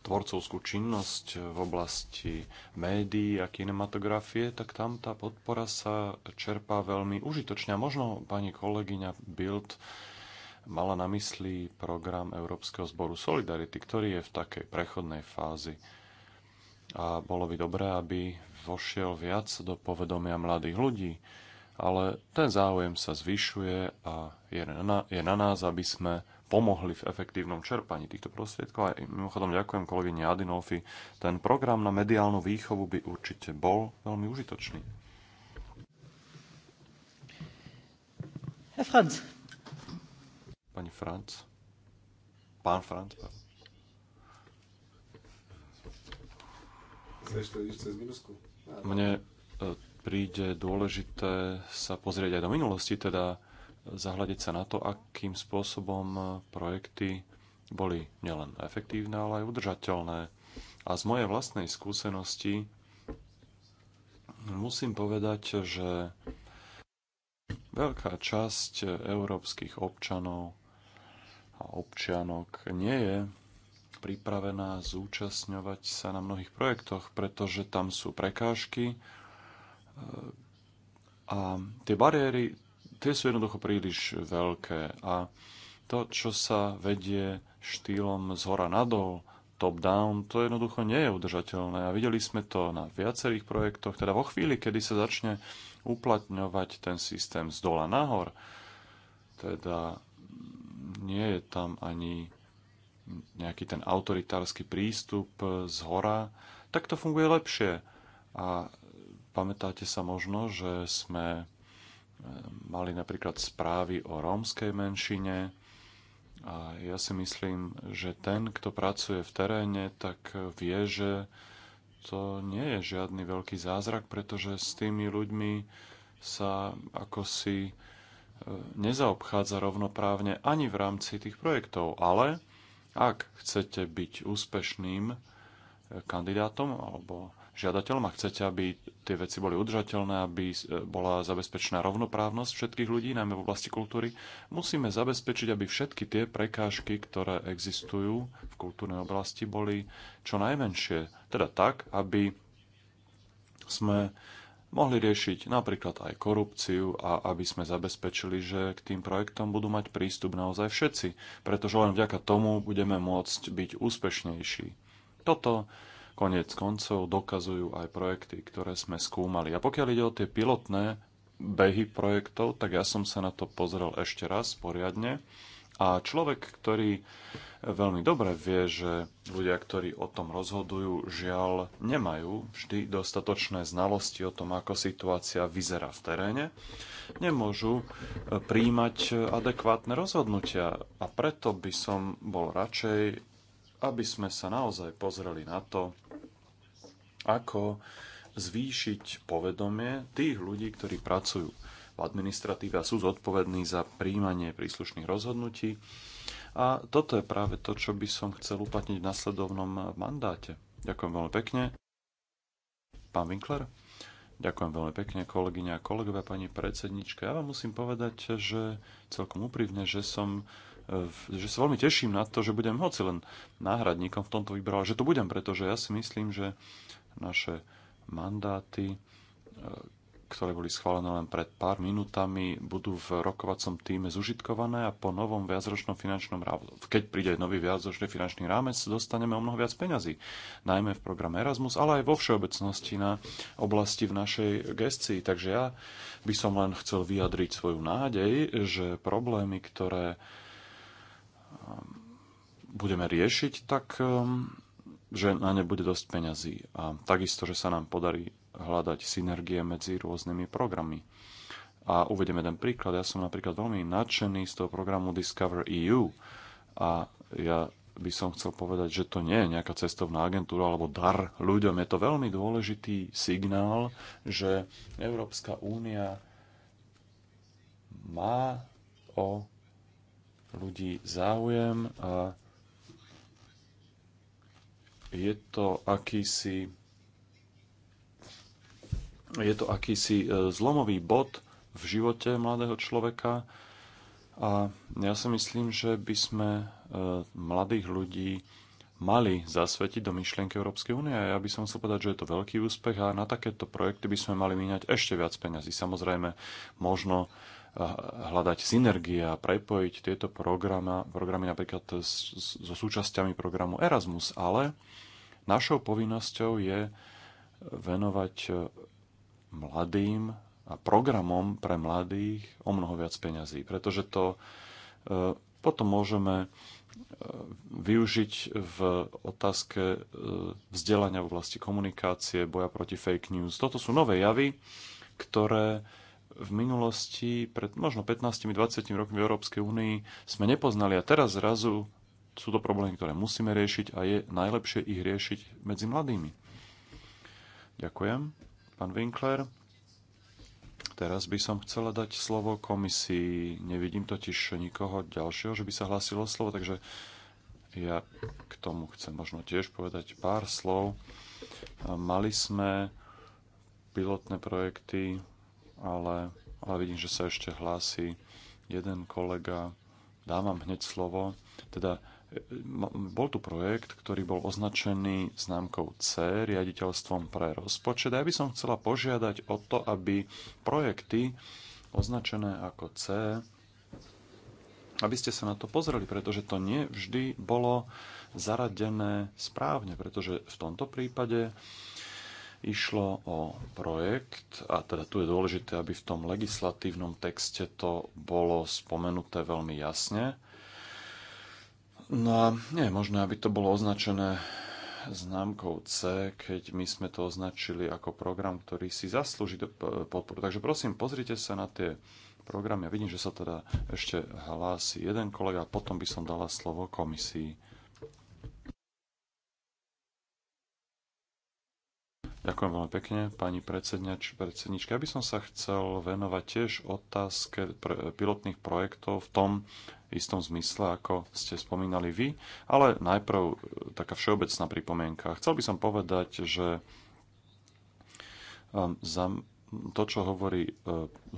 tvorcovskú činnosť v oblasti médií a kinematografie, tak tam tá podpora sa čerpá veľmi užitočne. A možno pani kolegyňa Bild mala na mysli program Európskeho zboru Solidarity, ktorý je v takej prechodnej fázi. A bolo by dobré, aby vošiel viac do povedomia mladých ľudí, ale ten záujem sa zvyšuje a je na, je na nás, aby sme pomohli v efektívnom čerpaní týchto prostriedkov. A mimochodom ďakujem kolegyne Adinolfi. Ten program na mediálnu výchovu by určite bol veľmi užitočný. Franz. Pani Franc. Pán Franz. Mne e, príde dôležité sa pozrieť aj do minulosti, teda zahľadiť sa na to, akým spôsobom projekty boli nielen efektívne, ale aj udržateľné. A z mojej vlastnej skúsenosti musím povedať, že veľká časť európskych občanov a občianok nie je pripravená zúčastňovať sa na mnohých projektoch, pretože tam sú prekážky e, a tie bariéry tie sú jednoducho príliš veľké a to, čo sa vedie štýlom z hora nadol, top-down, to jednoducho nie je udržateľné. A videli sme to na viacerých projektoch, teda vo chvíli, kedy sa začne uplatňovať ten systém z dola nahor, teda nie je tam ani nejaký ten autoritársky prístup z hora, tak to funguje lepšie. A pamätáte sa možno, že sme mali napríklad správy o rómskej menšine. A ja si myslím, že ten, kto pracuje v teréne, tak vie, že to nie je žiadny veľký zázrak, pretože s tými ľuďmi sa ako si e, nezaobchádza rovnoprávne ani v rámci tých projektov. Ale ak chcete byť úspešným e, kandidátom alebo žiadateľom a chcete, aby tie veci boli udržateľné, aby e, bola zabezpečená rovnoprávnosť všetkých ľudí, najmä v oblasti kultúry, musíme zabezpečiť, aby všetky tie prekážky, ktoré existujú v kultúrnej oblasti, boli čo najmenšie. Teda tak, aby sme mohli riešiť napríklad aj korupciu a aby sme zabezpečili, že k tým projektom budú mať prístup naozaj všetci, pretože len vďaka tomu budeme môcť byť úspešnejší. Toto Konec koncov dokazujú aj projekty, ktoré sme skúmali. A pokiaľ ide o tie pilotné behy projektov, tak ja som sa na to pozrel ešte raz poriadne. A človek, ktorý veľmi dobre vie, že ľudia, ktorí o tom rozhodujú, žiaľ nemajú vždy dostatočné znalosti o tom, ako situácia vyzerá v teréne, nemôžu e, príjmať adekvátne rozhodnutia. A preto by som bol radšej, aby sme sa naozaj pozreli na to, ako zvýšiť povedomie tých ľudí, ktorí pracujú v administratíve a sú zodpovední za príjmanie príslušných rozhodnutí. A toto je práve to, čo by som chcel uplatniť v nasledovnom mandáte. Ďakujem veľmi pekne. Pán Winkler, ďakujem veľmi pekne kolegyňa a kolegovia, pani predsednička. Ja vám musím povedať, že celkom úprimne, že som že sa veľmi teším na to, že budem hoci len náhradníkom v tomto výberu, že to budem, pretože ja si myslím, že naše mandáty, e, ktoré boli schválené len pred pár minútami, budú v rokovacom týme zužitkované a po novom viacročnom finančnom rámci, keď príde nový viacročný finančný rámec, dostaneme o mnoho viac peňazí. Najmä v programe Erasmus, ale aj vo všeobecnosti na oblasti v našej gestii. Takže ja by som len chcel vyjadriť svoju nádej, že problémy, ktoré budeme riešiť, tak um, že na ne bude dosť peňazí. A takisto, že sa nám podarí hľadať synergie medzi rôznymi programmi. A uvedem jeden príklad. Ja som napríklad veľmi nadšený z toho programu Discover EU a ja by som chcel povedať, že to nie je nejaká cestovná agentúra alebo dar ľuďom. Je to veľmi dôležitý signál, že Európska únia má o ľudí záujem a je to akýsi je to akýsi e, zlomový bod v živote mladého človeka a ja si myslím, že by sme e, mladých ľudí mali zasvetiť do myšlienky Európskej únie. Ja by som chcel povedať, že je to veľký úspech a na takéto projekty by sme mali míňať ešte viac peňazí. Samozrejme, možno hľadať synergie a prepojiť tieto programy, programy napríklad s, s, so súčasťami programu Erasmus, ale našou povinnosťou je venovať e, mladým a programom pre mladých o mnoho viac peňazí, pretože to e, potom môžeme e, využiť v otázke vzdelania v oblasti komunikácie, boja proti fake news. Toto sú nové javy, ktoré v minulosti, pred možno 15-20 rokmi v Európskej únii sme nepoznali a teraz zrazu sú to problémy, ktoré musíme riešiť a je najlepšie ich riešiť medzi mladými. Ďakujem, pán Winkler. Teraz by som chcela dať slovo komisii. Nevidím totiž nikoho ďalšieho, že by sa hlásilo slovo, takže ja k tomu chcem možno tiež povedať pár slov. Mali sme pilotné projekty ale, ale vidím, že sa ešte hlási jeden kolega. Dávam hneď slovo. Teda e, bol tu projekt, ktorý bol označený známkou C, riaditeľstvom pre rozpočet. A ja by som chcela požiadať o to, aby projekty označené ako C, aby ste sa na to pozreli, pretože to nie vždy bolo zaradené správne, pretože v tomto prípade Išlo o projekt, a teda tu je dôležité, aby v tom legislatívnom texte to bolo spomenuté veľmi jasne. No a nie je možné, aby to bolo označené známkou C, keď my sme to označili ako program, ktorý si zaslúži podporu. Takže prosím, pozrite sa na tie programy. Ja vidím, že sa teda ešte hlási jeden kolega, potom by som dala slovo komisii. Ďakujem veľmi pekne, pani predsednička. Ja by som sa chcel venovať tiež otázke pilotných projektov v tom istom zmysle, ako ste spomínali vy, ale najprv eh, taká všeobecná pripomienka. Chcel by som povedať, že ehm, za to, čo hovorí eh,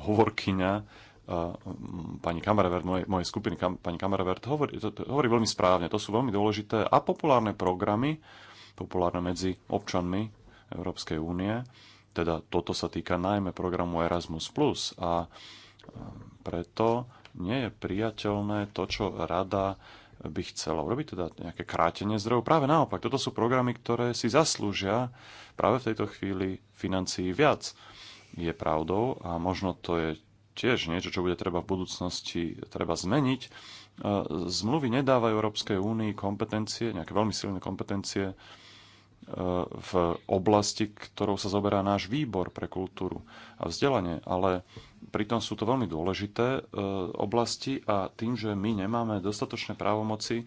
hovorkyňa, eh, pani Kamerevert, mojej, mojej skupiny kam, pani Kamerevert, hovorí, to, to, hovorí veľmi správne. To sú veľmi dôležité a populárne programy, populárne medzi občanmi Európskej únie. Teda toto sa týka najmä programu Erasmus+. A um, preto nie je priateľné to, čo rada by chcela urobiť, teda nejaké krátenie zdrojov. Práve naopak, toto sú programy, ktoré si zaslúžia práve v tejto chvíli financií viac. Je pravdou a možno to je tiež niečo, čo bude treba v budúcnosti treba zmeniť. E, zmluvy nedávajú Európskej únii kompetencie, nejaké veľmi silné kompetencie v oblasti, ktorou sa zoberá náš výbor pre kultúru a vzdelanie, ale pritom sú to veľmi dôležité e, oblasti a tým, že my nemáme dostatočné právomoci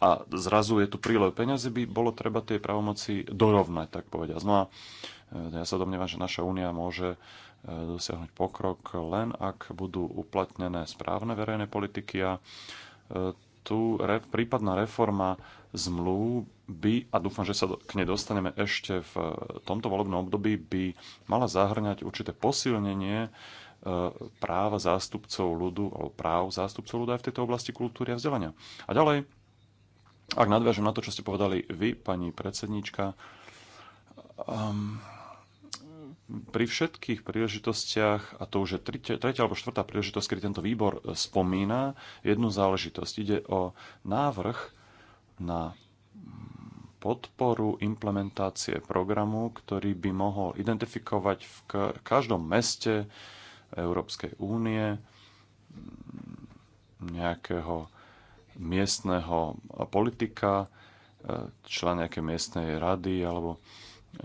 a zrazu je tu prílev peniazy, by bolo treba tie právomoci dorovnať, tak povediať. No a e, ja sa domnievam, že naša únia môže e, dosiahnuť pokrok len ak budú uplatnené správne verejné politiky a tu prípadná reforma zmluv by, a dúfam, že sa k nej dostaneme ešte v eh, tomto volebnom období, by mala zahrňať určité posilnenie eh, práva zástupcov ľudu alebo práv zástupcov ľudu aj v tejto oblasti kultúry a vzdelania. A ďalej, ak nadviažem na to, čo ste povedali vy, pani predsedníčka, um, pri všetkých príležitostiach, a to už je tretia, tretia alebo štvrtá príležitosť, kedy tento výbor spomína jednu záležitosť. Ide o návrh na podporu implementácie programu, ktorý by mohol identifikovať v každom meste Európskej únie nejakého miestneho politika, člen nejakej miestnej rady alebo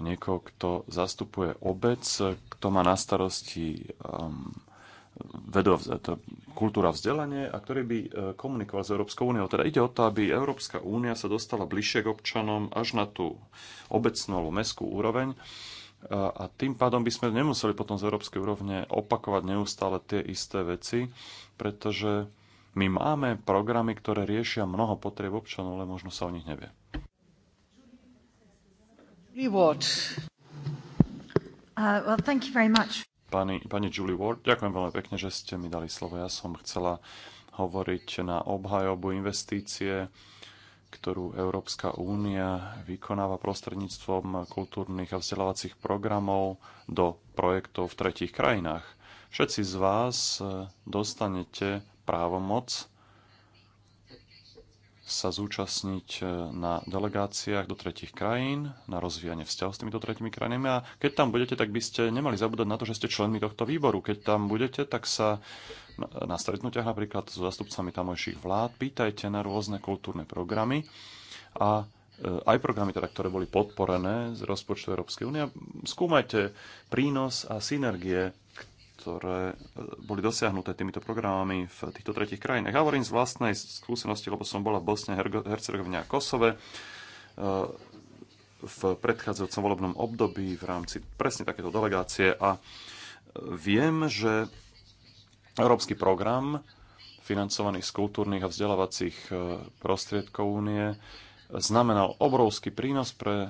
niekoho, kto zastupuje obec, kto má na starosti um, Eh, to kultúra vzdelanie a ktorý by eh, komunikoval s Európskou úniou. Teda ide o to, aby Európska únia sa dostala bližšie k občanom až na tú obecnú alebo mestskú úroveň a tým pádom by sme nemuseli potom z európskej úrovne opakovať neustále tie isté veci, pretože my máme programy, ktoré riešia mnoho potrieb občanov, ale možno sa o nich nevie. Reward. Uh, well, thank you very much. Pani, pani Julie Ward, ďakujem veľmi pekne, že ste mi dali slovo. Ja som chcela hovoriť na obhajobu investície, ktorú Európska únia vykonáva prostredníctvom kultúrnych a vzdelávacích programov do projektov v tretích krajinách. Všetci z vás dostanete právomoc sa zúčastniť e, na delegáciách do tretich krajín, na rozvíjanie vzťahov s týmito tretimi krajinami. A keď tam budete, tak by ste nemali zabúdať na to, že ste členmi tohto výboru. Keď tam budete, tak sa na stretnutiach napríklad so zastupcami tamojších vlád pýtajte na rôzne kultúrne programy a e, aj programy, teda, ktoré boli podporené z rozpočtu Európskej únie. Skúmajte prínos a synergie ktoré e, boli dosiahnuté týmito programami v týchto tretich krajinách. Ja hovorím z vlastnej skúsenosti, lebo som bola v Bosne, Hercegovine a Kosove e, v predchádzajúcom volebnom období v rámci presne takéto delegácie a e, viem, že Európsky program financovaný z kultúrnych a vzdelávacích prostriedkov únie znamenal obrovský prínos pre eh,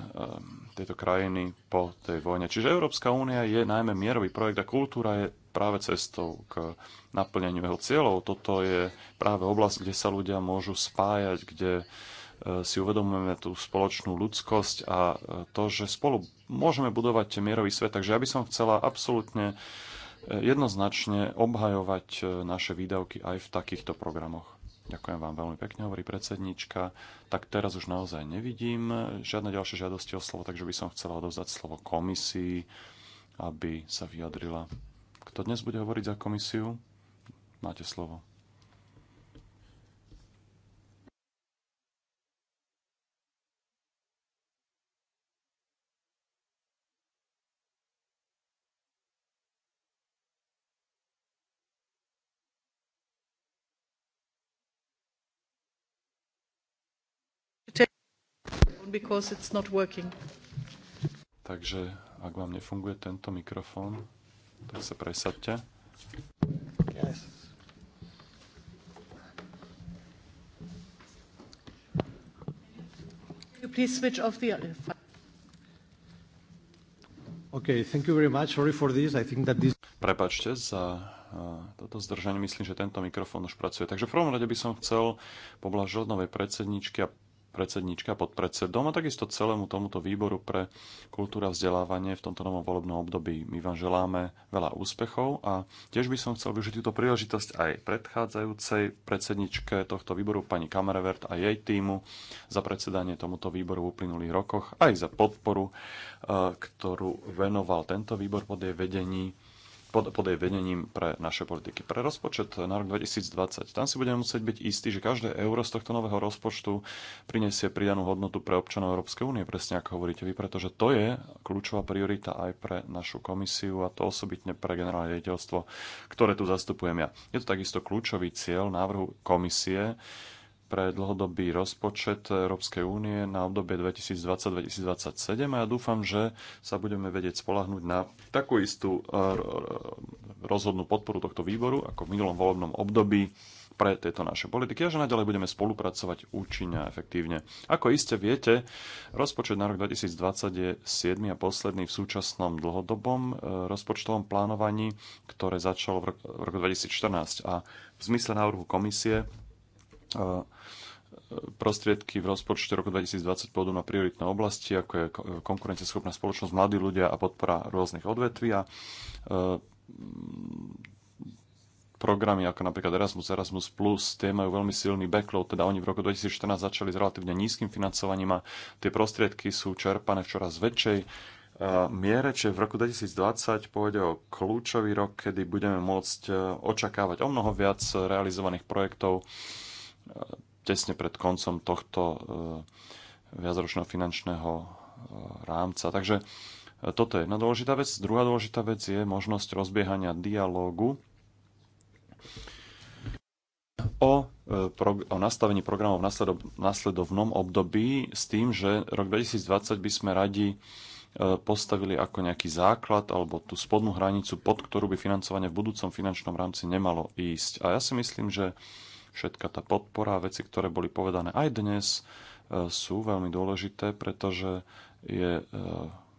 tieto krajiny po tej vojne. Čiže Európska únia je najmä mierový projekt a kultúra je práve cestou k naplneniu jeho cieľov. Toto je práve oblasť, kde sa ľudia môžu spájať, kde eh, si uvedomujeme tú spoločnú ľudskosť a eh, to, že spolu môžeme budovať mierový svet. Takže ja by som chcela absolútne jednoznačne obhajovať naše výdavky aj v takýchto programoch. Ďakujem vám veľmi pekne, hovorí predsednička. Tak teraz už naozaj nevidím žiadne ďalšie žiadosti o slovo, takže by som chcela odovzdať slovo komisii, aby sa vyjadrila. Kto dnes bude hovoriť za komisiu? Máte slovo. because it's not working. Takže ak vám nefunguje tento mikrofón, tak sa presadte. Yes. Please switch off the uh, Okay, thank you very much. Sorry for this. I think that this... Prepačte za uh, toto zdržanie. Myslím, že tento mikrofón už pracuje. Takže v prvom rade by som chcel poblažiť novej predsedničke a predsedničke a podpredsedom a takisto celému tomuto výboru pre kultúra a vzdelávanie v tomto novom volebnom období. My vám želáme veľa úspechov a tiež by som chcel využiť túto príležitosť aj predchádzajúcej predsedničke tohto výboru pani Kamerevert a jej týmu za predsedanie tomuto výboru v uplynulých rokoch aj za podporu, eh, ktorú venoval tento výbor pod jej vedením pod, pod jej vedením pre naše politiky. Pre rozpočet na rok 2020, tam si budeme musieť byť istí, že každé euro z tohto nového rozpočtu prinesie pridanú hodnotu pre občanov Európskej únie, presne ako hovoríte vy, pretože to je kľúčová priorita aj pre našu komisiu a to osobitne pre generálne riaditeľstvo, ktoré tu zastupujem ja. Je to takisto kľúčový cieľ návrhu komisie, pre dlhodobý rozpočet Európskej únie na obdobie 2020-2027 a ja dúfam, že sa budeme vedieť spolahnúť na takú istú e, e, rozhodnú podporu tohto výboru ako v minulom volebnom období pre tieto naše politiky a že naďalej budeme spolupracovať účinne a efektívne. Ako iste viete, rozpočet na rok 2020 je 7. a posledný v súčasnom dlhodobom e, rozpočtovom plánovaní, ktoré začalo v roku 2014 a v zmysle návrhu komisie E, prostriedky v rozpočte roku 2020 pôjdu na prioritné oblasti, ako je konkurencieschopná spoločnosť, mladí ľudia a podpora rôznych odvetví a e, programy ako napríklad Erasmus, Erasmus+, Plus, tie majú veľmi silný backload, teda oni v roku 2014 začali s relatívne nízkym financovaním a tie prostriedky sú čerpané v čoraz väčšej e, miere, čiže v roku 2020 pôjde o kľúčový rok, kedy budeme môcť očakávať o mnoho viac realizovaných projektov, tesne pred koncom tohto eh, viacročného finančného eh, rámca. Takže eh, toto je jedna dôležitá vec. Druhá dôležitá vec je možnosť rozbiehania dialógu o, o nastavení programov v nasledovnom období s tým, že rok 2020 by sme radi postavili ako nejaký základ alebo tú spodnú hranicu, pod ktorú by financovanie v budúcom finančnom rámci nemalo ísť. A ja si myslím, že všetka tá podpora a veci, ktoré boli povedané aj dnes, e, sú veľmi dôležité, pretože je e,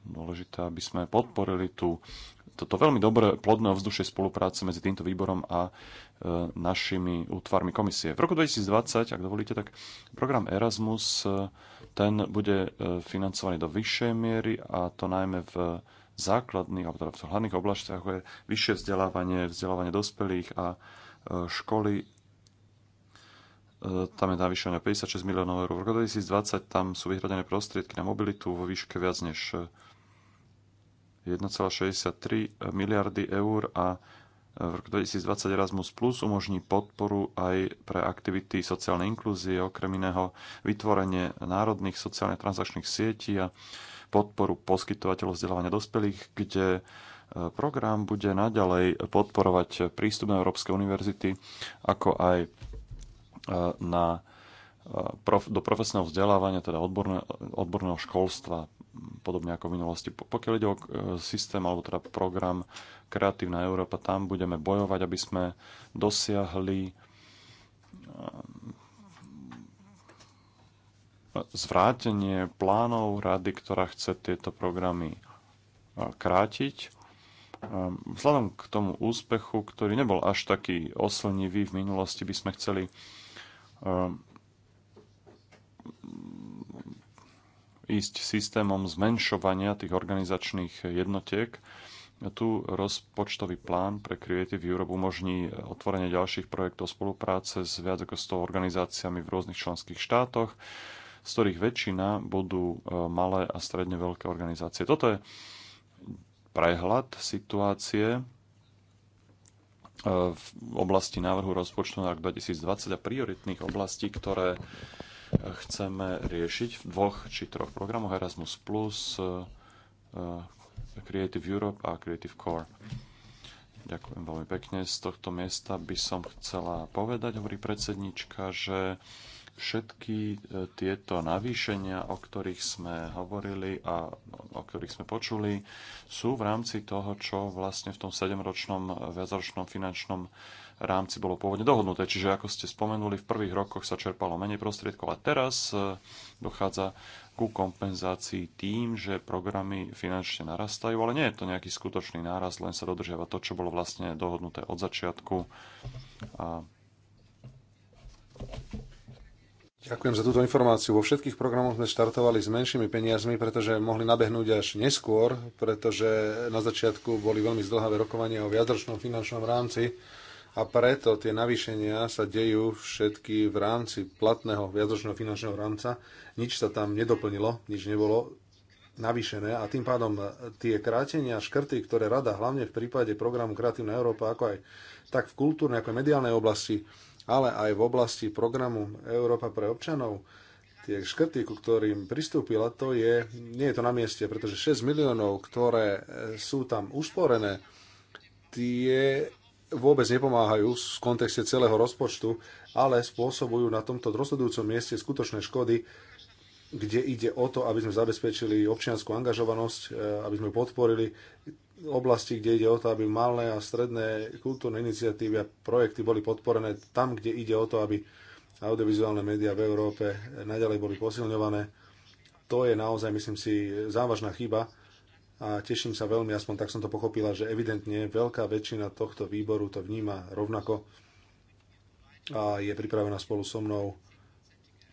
dôležité, aby sme podporili tú, toto veľmi dobré plodné ovzdušie spolupráce medzi týmto výborom a e, našimi útvarmi komisie. V roku 2020, ak dovolíte, tak program Erasmus, ten bude financovaný do vyššej miery a to najmä v základných, alebo teda v hlavných oblastiach, ako je vyššie vzdelávanie, vzdelávanie dospelých a školy E, tam je navýšenie 56 miliónov eur. V roku 2020 tam sú vyhradené prostriedky na mobilitu vo výške viac než 1,63 e, e, miliardy eur a v roku 2020 Erasmus Plus umožní podporu aj pre aktivity sociálnej inklúzie, okrem iného vytvorenie národných sociálnych transakčných sietí a podporu poskytovateľov vzdelávania dospelých, kde program bude naďalej podporovať prístup na Európske univerzity, ako aj E, na, e, prof, do profesného vzdelávania, teda odborné, odborného školstva, podobne ako v minulosti. Pokiaľ ide o e, systém alebo teda program Kreatívna Európa, tam budeme bojovať, aby sme dosiahli zvrátenie plánov rady, ktorá chce tieto programy krátiť. Vzhľadom k tomu úspechu, ktorý nebol až taký oslnivý v minulosti, by sme chceli Um, ísť systémom zmenšovania tých organizačných jednotiek. Tu rozpočtový plán pre Creative Europe umožní otvorenie ďalších projektov spolupráce s viac ako 100 organizáciami v rôznych členských štátoch, z ktorých väčšina budú um, malé a stredne veľké organizácie. Toto je prehľad situácie E, v oblasti návrhu rozpočtu na rok 2020 a prioritných oblastí, ktoré e, chceme riešiť v dvoch či troch programoch Erasmus+, Plus, e, Creative Europe a Creative Core. Ďakujem veľmi pekne. Z tohto miesta by som chcela povedať, hovorí predsednička, že všetky e, tieto navýšenia, o ktorých sme hovorili a no, o ktorých sme počuli, sú v rámci toho, čo vlastne v tom 7-ročnom, e, viacročnom finančnom rámci bolo pôvodne dohodnuté. Čiže ako ste spomenuli, v prvých rokoch sa čerpalo menej prostriedkov a teraz e, dochádza ku kompenzácii tým, že programy finančne narastajú, ale nie je to nejaký skutočný náraz, len sa dodržiava to, čo bolo vlastne dohodnuté od začiatku. A Ďakujem za túto informáciu. Vo všetkých programoch sme štartovali s menšími peniazmi, pretože mohli nabehnúť až neskôr, pretože na začiatku boli veľmi zdlhavé rokovania o viadročnom finančnom rámci a preto tie navýšenia sa dejú všetky v rámci platného viacročného finančného rámca. Nič sa tam nedoplnilo, nič nebolo navýšené a tým pádom tie krátenia, škrty, ktoré rada, hlavne v prípade programu Kreatívna Európa, ako aj tak v kultúrnej, ako aj mediálnej oblasti, ale aj v oblasti programu Európa pre občanov, tie škrty, ku ktorým pristúpila, to je, nie je to na mieste, pretože 6 miliónov, ktoré e, sú tam usporené, tie vôbec nepomáhajú v kontexte celého rozpočtu, ale spôsobujú na tomto rozhodujúcom mieste skutočné škody, kde ide o to, aby sme zabezpečili občianskú angažovanosť, e, aby sme podporili oblasti, kde ide o to, aby malé a stredné kultúrne iniciatívy a projekty boli podporené tam, kde ide o to, aby audiovizuálne médiá v Európe naďalej boli posilňované. To je naozaj, myslím si, závažná chyba a teším sa veľmi, aspoň tak som to pochopila, že evidentne veľká väčšina tohto výboru to vníma rovnako a je pripravená spolu so mnou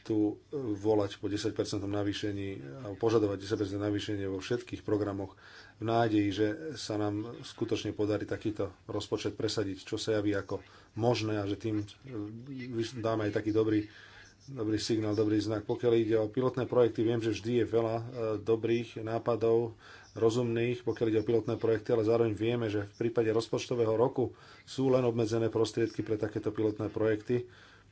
tu e, volať po 10% navýšení a požadovať 10% navýšenie vo všetkých programoch v nádeji, že sa nám skutočne podarí takýto rozpočet presadiť, čo sa javí ako možné a že tým e, dáme aj taký dobrý, dobrý signál, dobrý znak. Pokiaľ ide o pilotné projekty, viem, že vždy je veľa e, dobrých nápadov, rozumných, pokiaľ ide o pilotné projekty, ale zároveň vieme, že v prípade rozpočtového roku sú len obmedzené prostriedky pre takéto pilotné projekty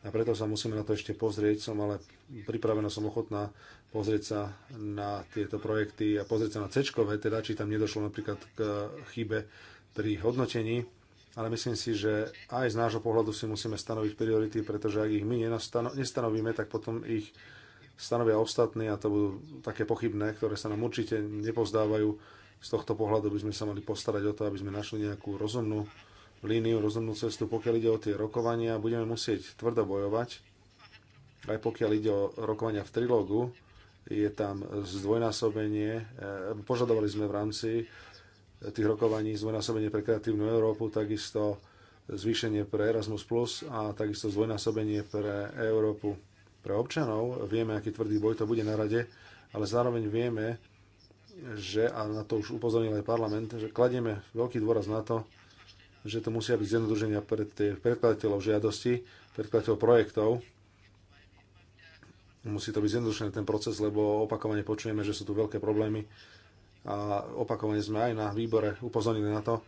a preto sa musíme na to ešte pozrieť. Som ale pripravená, som ochotná pozrieť sa na tieto projekty a pozrieť sa na cečkové, teda či tam nedošlo napríklad k chybe pri hodnotení. Ale myslím si, že aj z nášho pohľadu si musíme stanoviť priority, pretože ak ich my nestanovíme, tak potom ich stanovia ostatní a to budú také pochybné, ktoré sa nám určite nepozdávajú. Z tohto pohľadu by sme sa mali postarať o to, aby sme našli nejakú rozumnú líniu, rozhodnú cestu, pokiaľ ide o tie rokovania. Budeme musieť tvrdo bojovať, aj pokiaľ ide o rokovania v trilógu. Je tam zdvojnásobenie, eh, požadovali sme v rámci eh, tých rokovaní zdvojnásobenie pre kreatívnu Európu, takisto zvýšenie pre Erasmus Plus a takisto zdvojnásobenie pre Európu pre občanov. Vieme, aký tvrdý boj to bude na rade, ale zároveň vieme, že, a na to už upozornil aj parlament, že kladieme veľký dôraz na to, že to musia byť zjednodušenia tie predkladateľov žiadosti, predkladateľov projektov. Musí to byť zjednodušený ten proces, lebo opakovane počujeme, že sú tu veľké problémy a opakovane sme aj na výbore upozornili na to,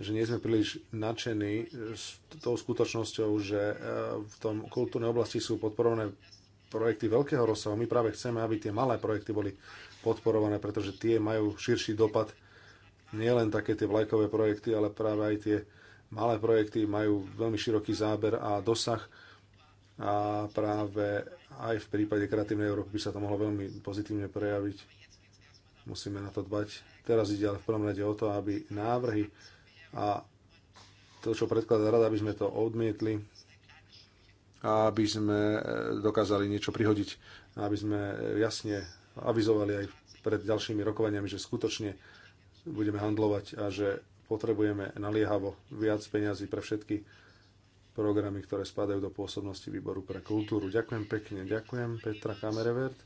že nie sme príliš nadšení s tou skutočnosťou, že e, v tom kultúrnej oblasti sú podporované projekty veľkého rozsahu. My práve chceme, aby tie malé projekty boli podporované, pretože tie majú širší dopad nielen také tie vlajkové projekty, ale práve aj tie malé projekty majú veľmi široký záber a dosah a práve aj v prípade kreatívnej Európy by sa to mohlo veľmi pozitívne prejaviť. Musíme na to dbať. Teraz ide ale v prvom rade o to, aby návrhy a to, čo predkladá rada, aby sme to odmietli a aby sme e, dokázali niečo prihodiť, aby sme jasne avizovali aj pred ďalšími rokovaniami, že skutočne budeme handlovať a že potrebujeme naliehavo viac peňazí pre všetky programy, ktoré spadajú do pôsobnosti výboru pre kultúru. Ďakujem pekne, ďakujem Petra Kamerevert. E,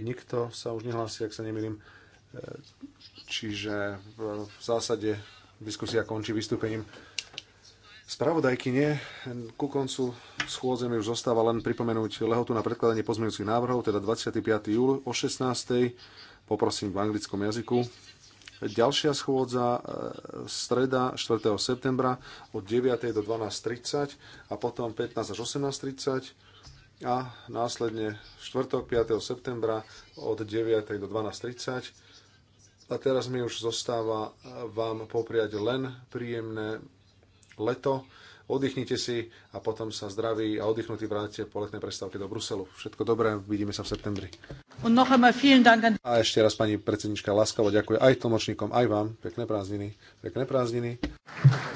nikto sa už nehlási, ak sa nemýlim. E, čiže v, zásade diskusia končí vystúpením Spravodajky nie. ku koncu schôdze mi už zostáva len pripomenúť lehotu na predkladanie pozmeňujúcich návrhov, teda 25. júl o 16. Poprosím v anglickom jazyku. Ďalšia schôdza e, streda 4. septembra od 9. do 12.30 a potom 15 až 18.30 a následne 4. 5. septembra od 9. do 12.30. A teraz mi už zostáva e, vám popriať len príjemné leto oddychnite si a potom sa zdraví a oddychnutí vrátite po letnej prestávke do Bruselu. Všetko dobré, vidíme sa v septembri. A ešte raz pani predsednička Laskavo ďakuje aj tlmočníkom, aj vám. Pekné prázdniny. Pekné prázdniny.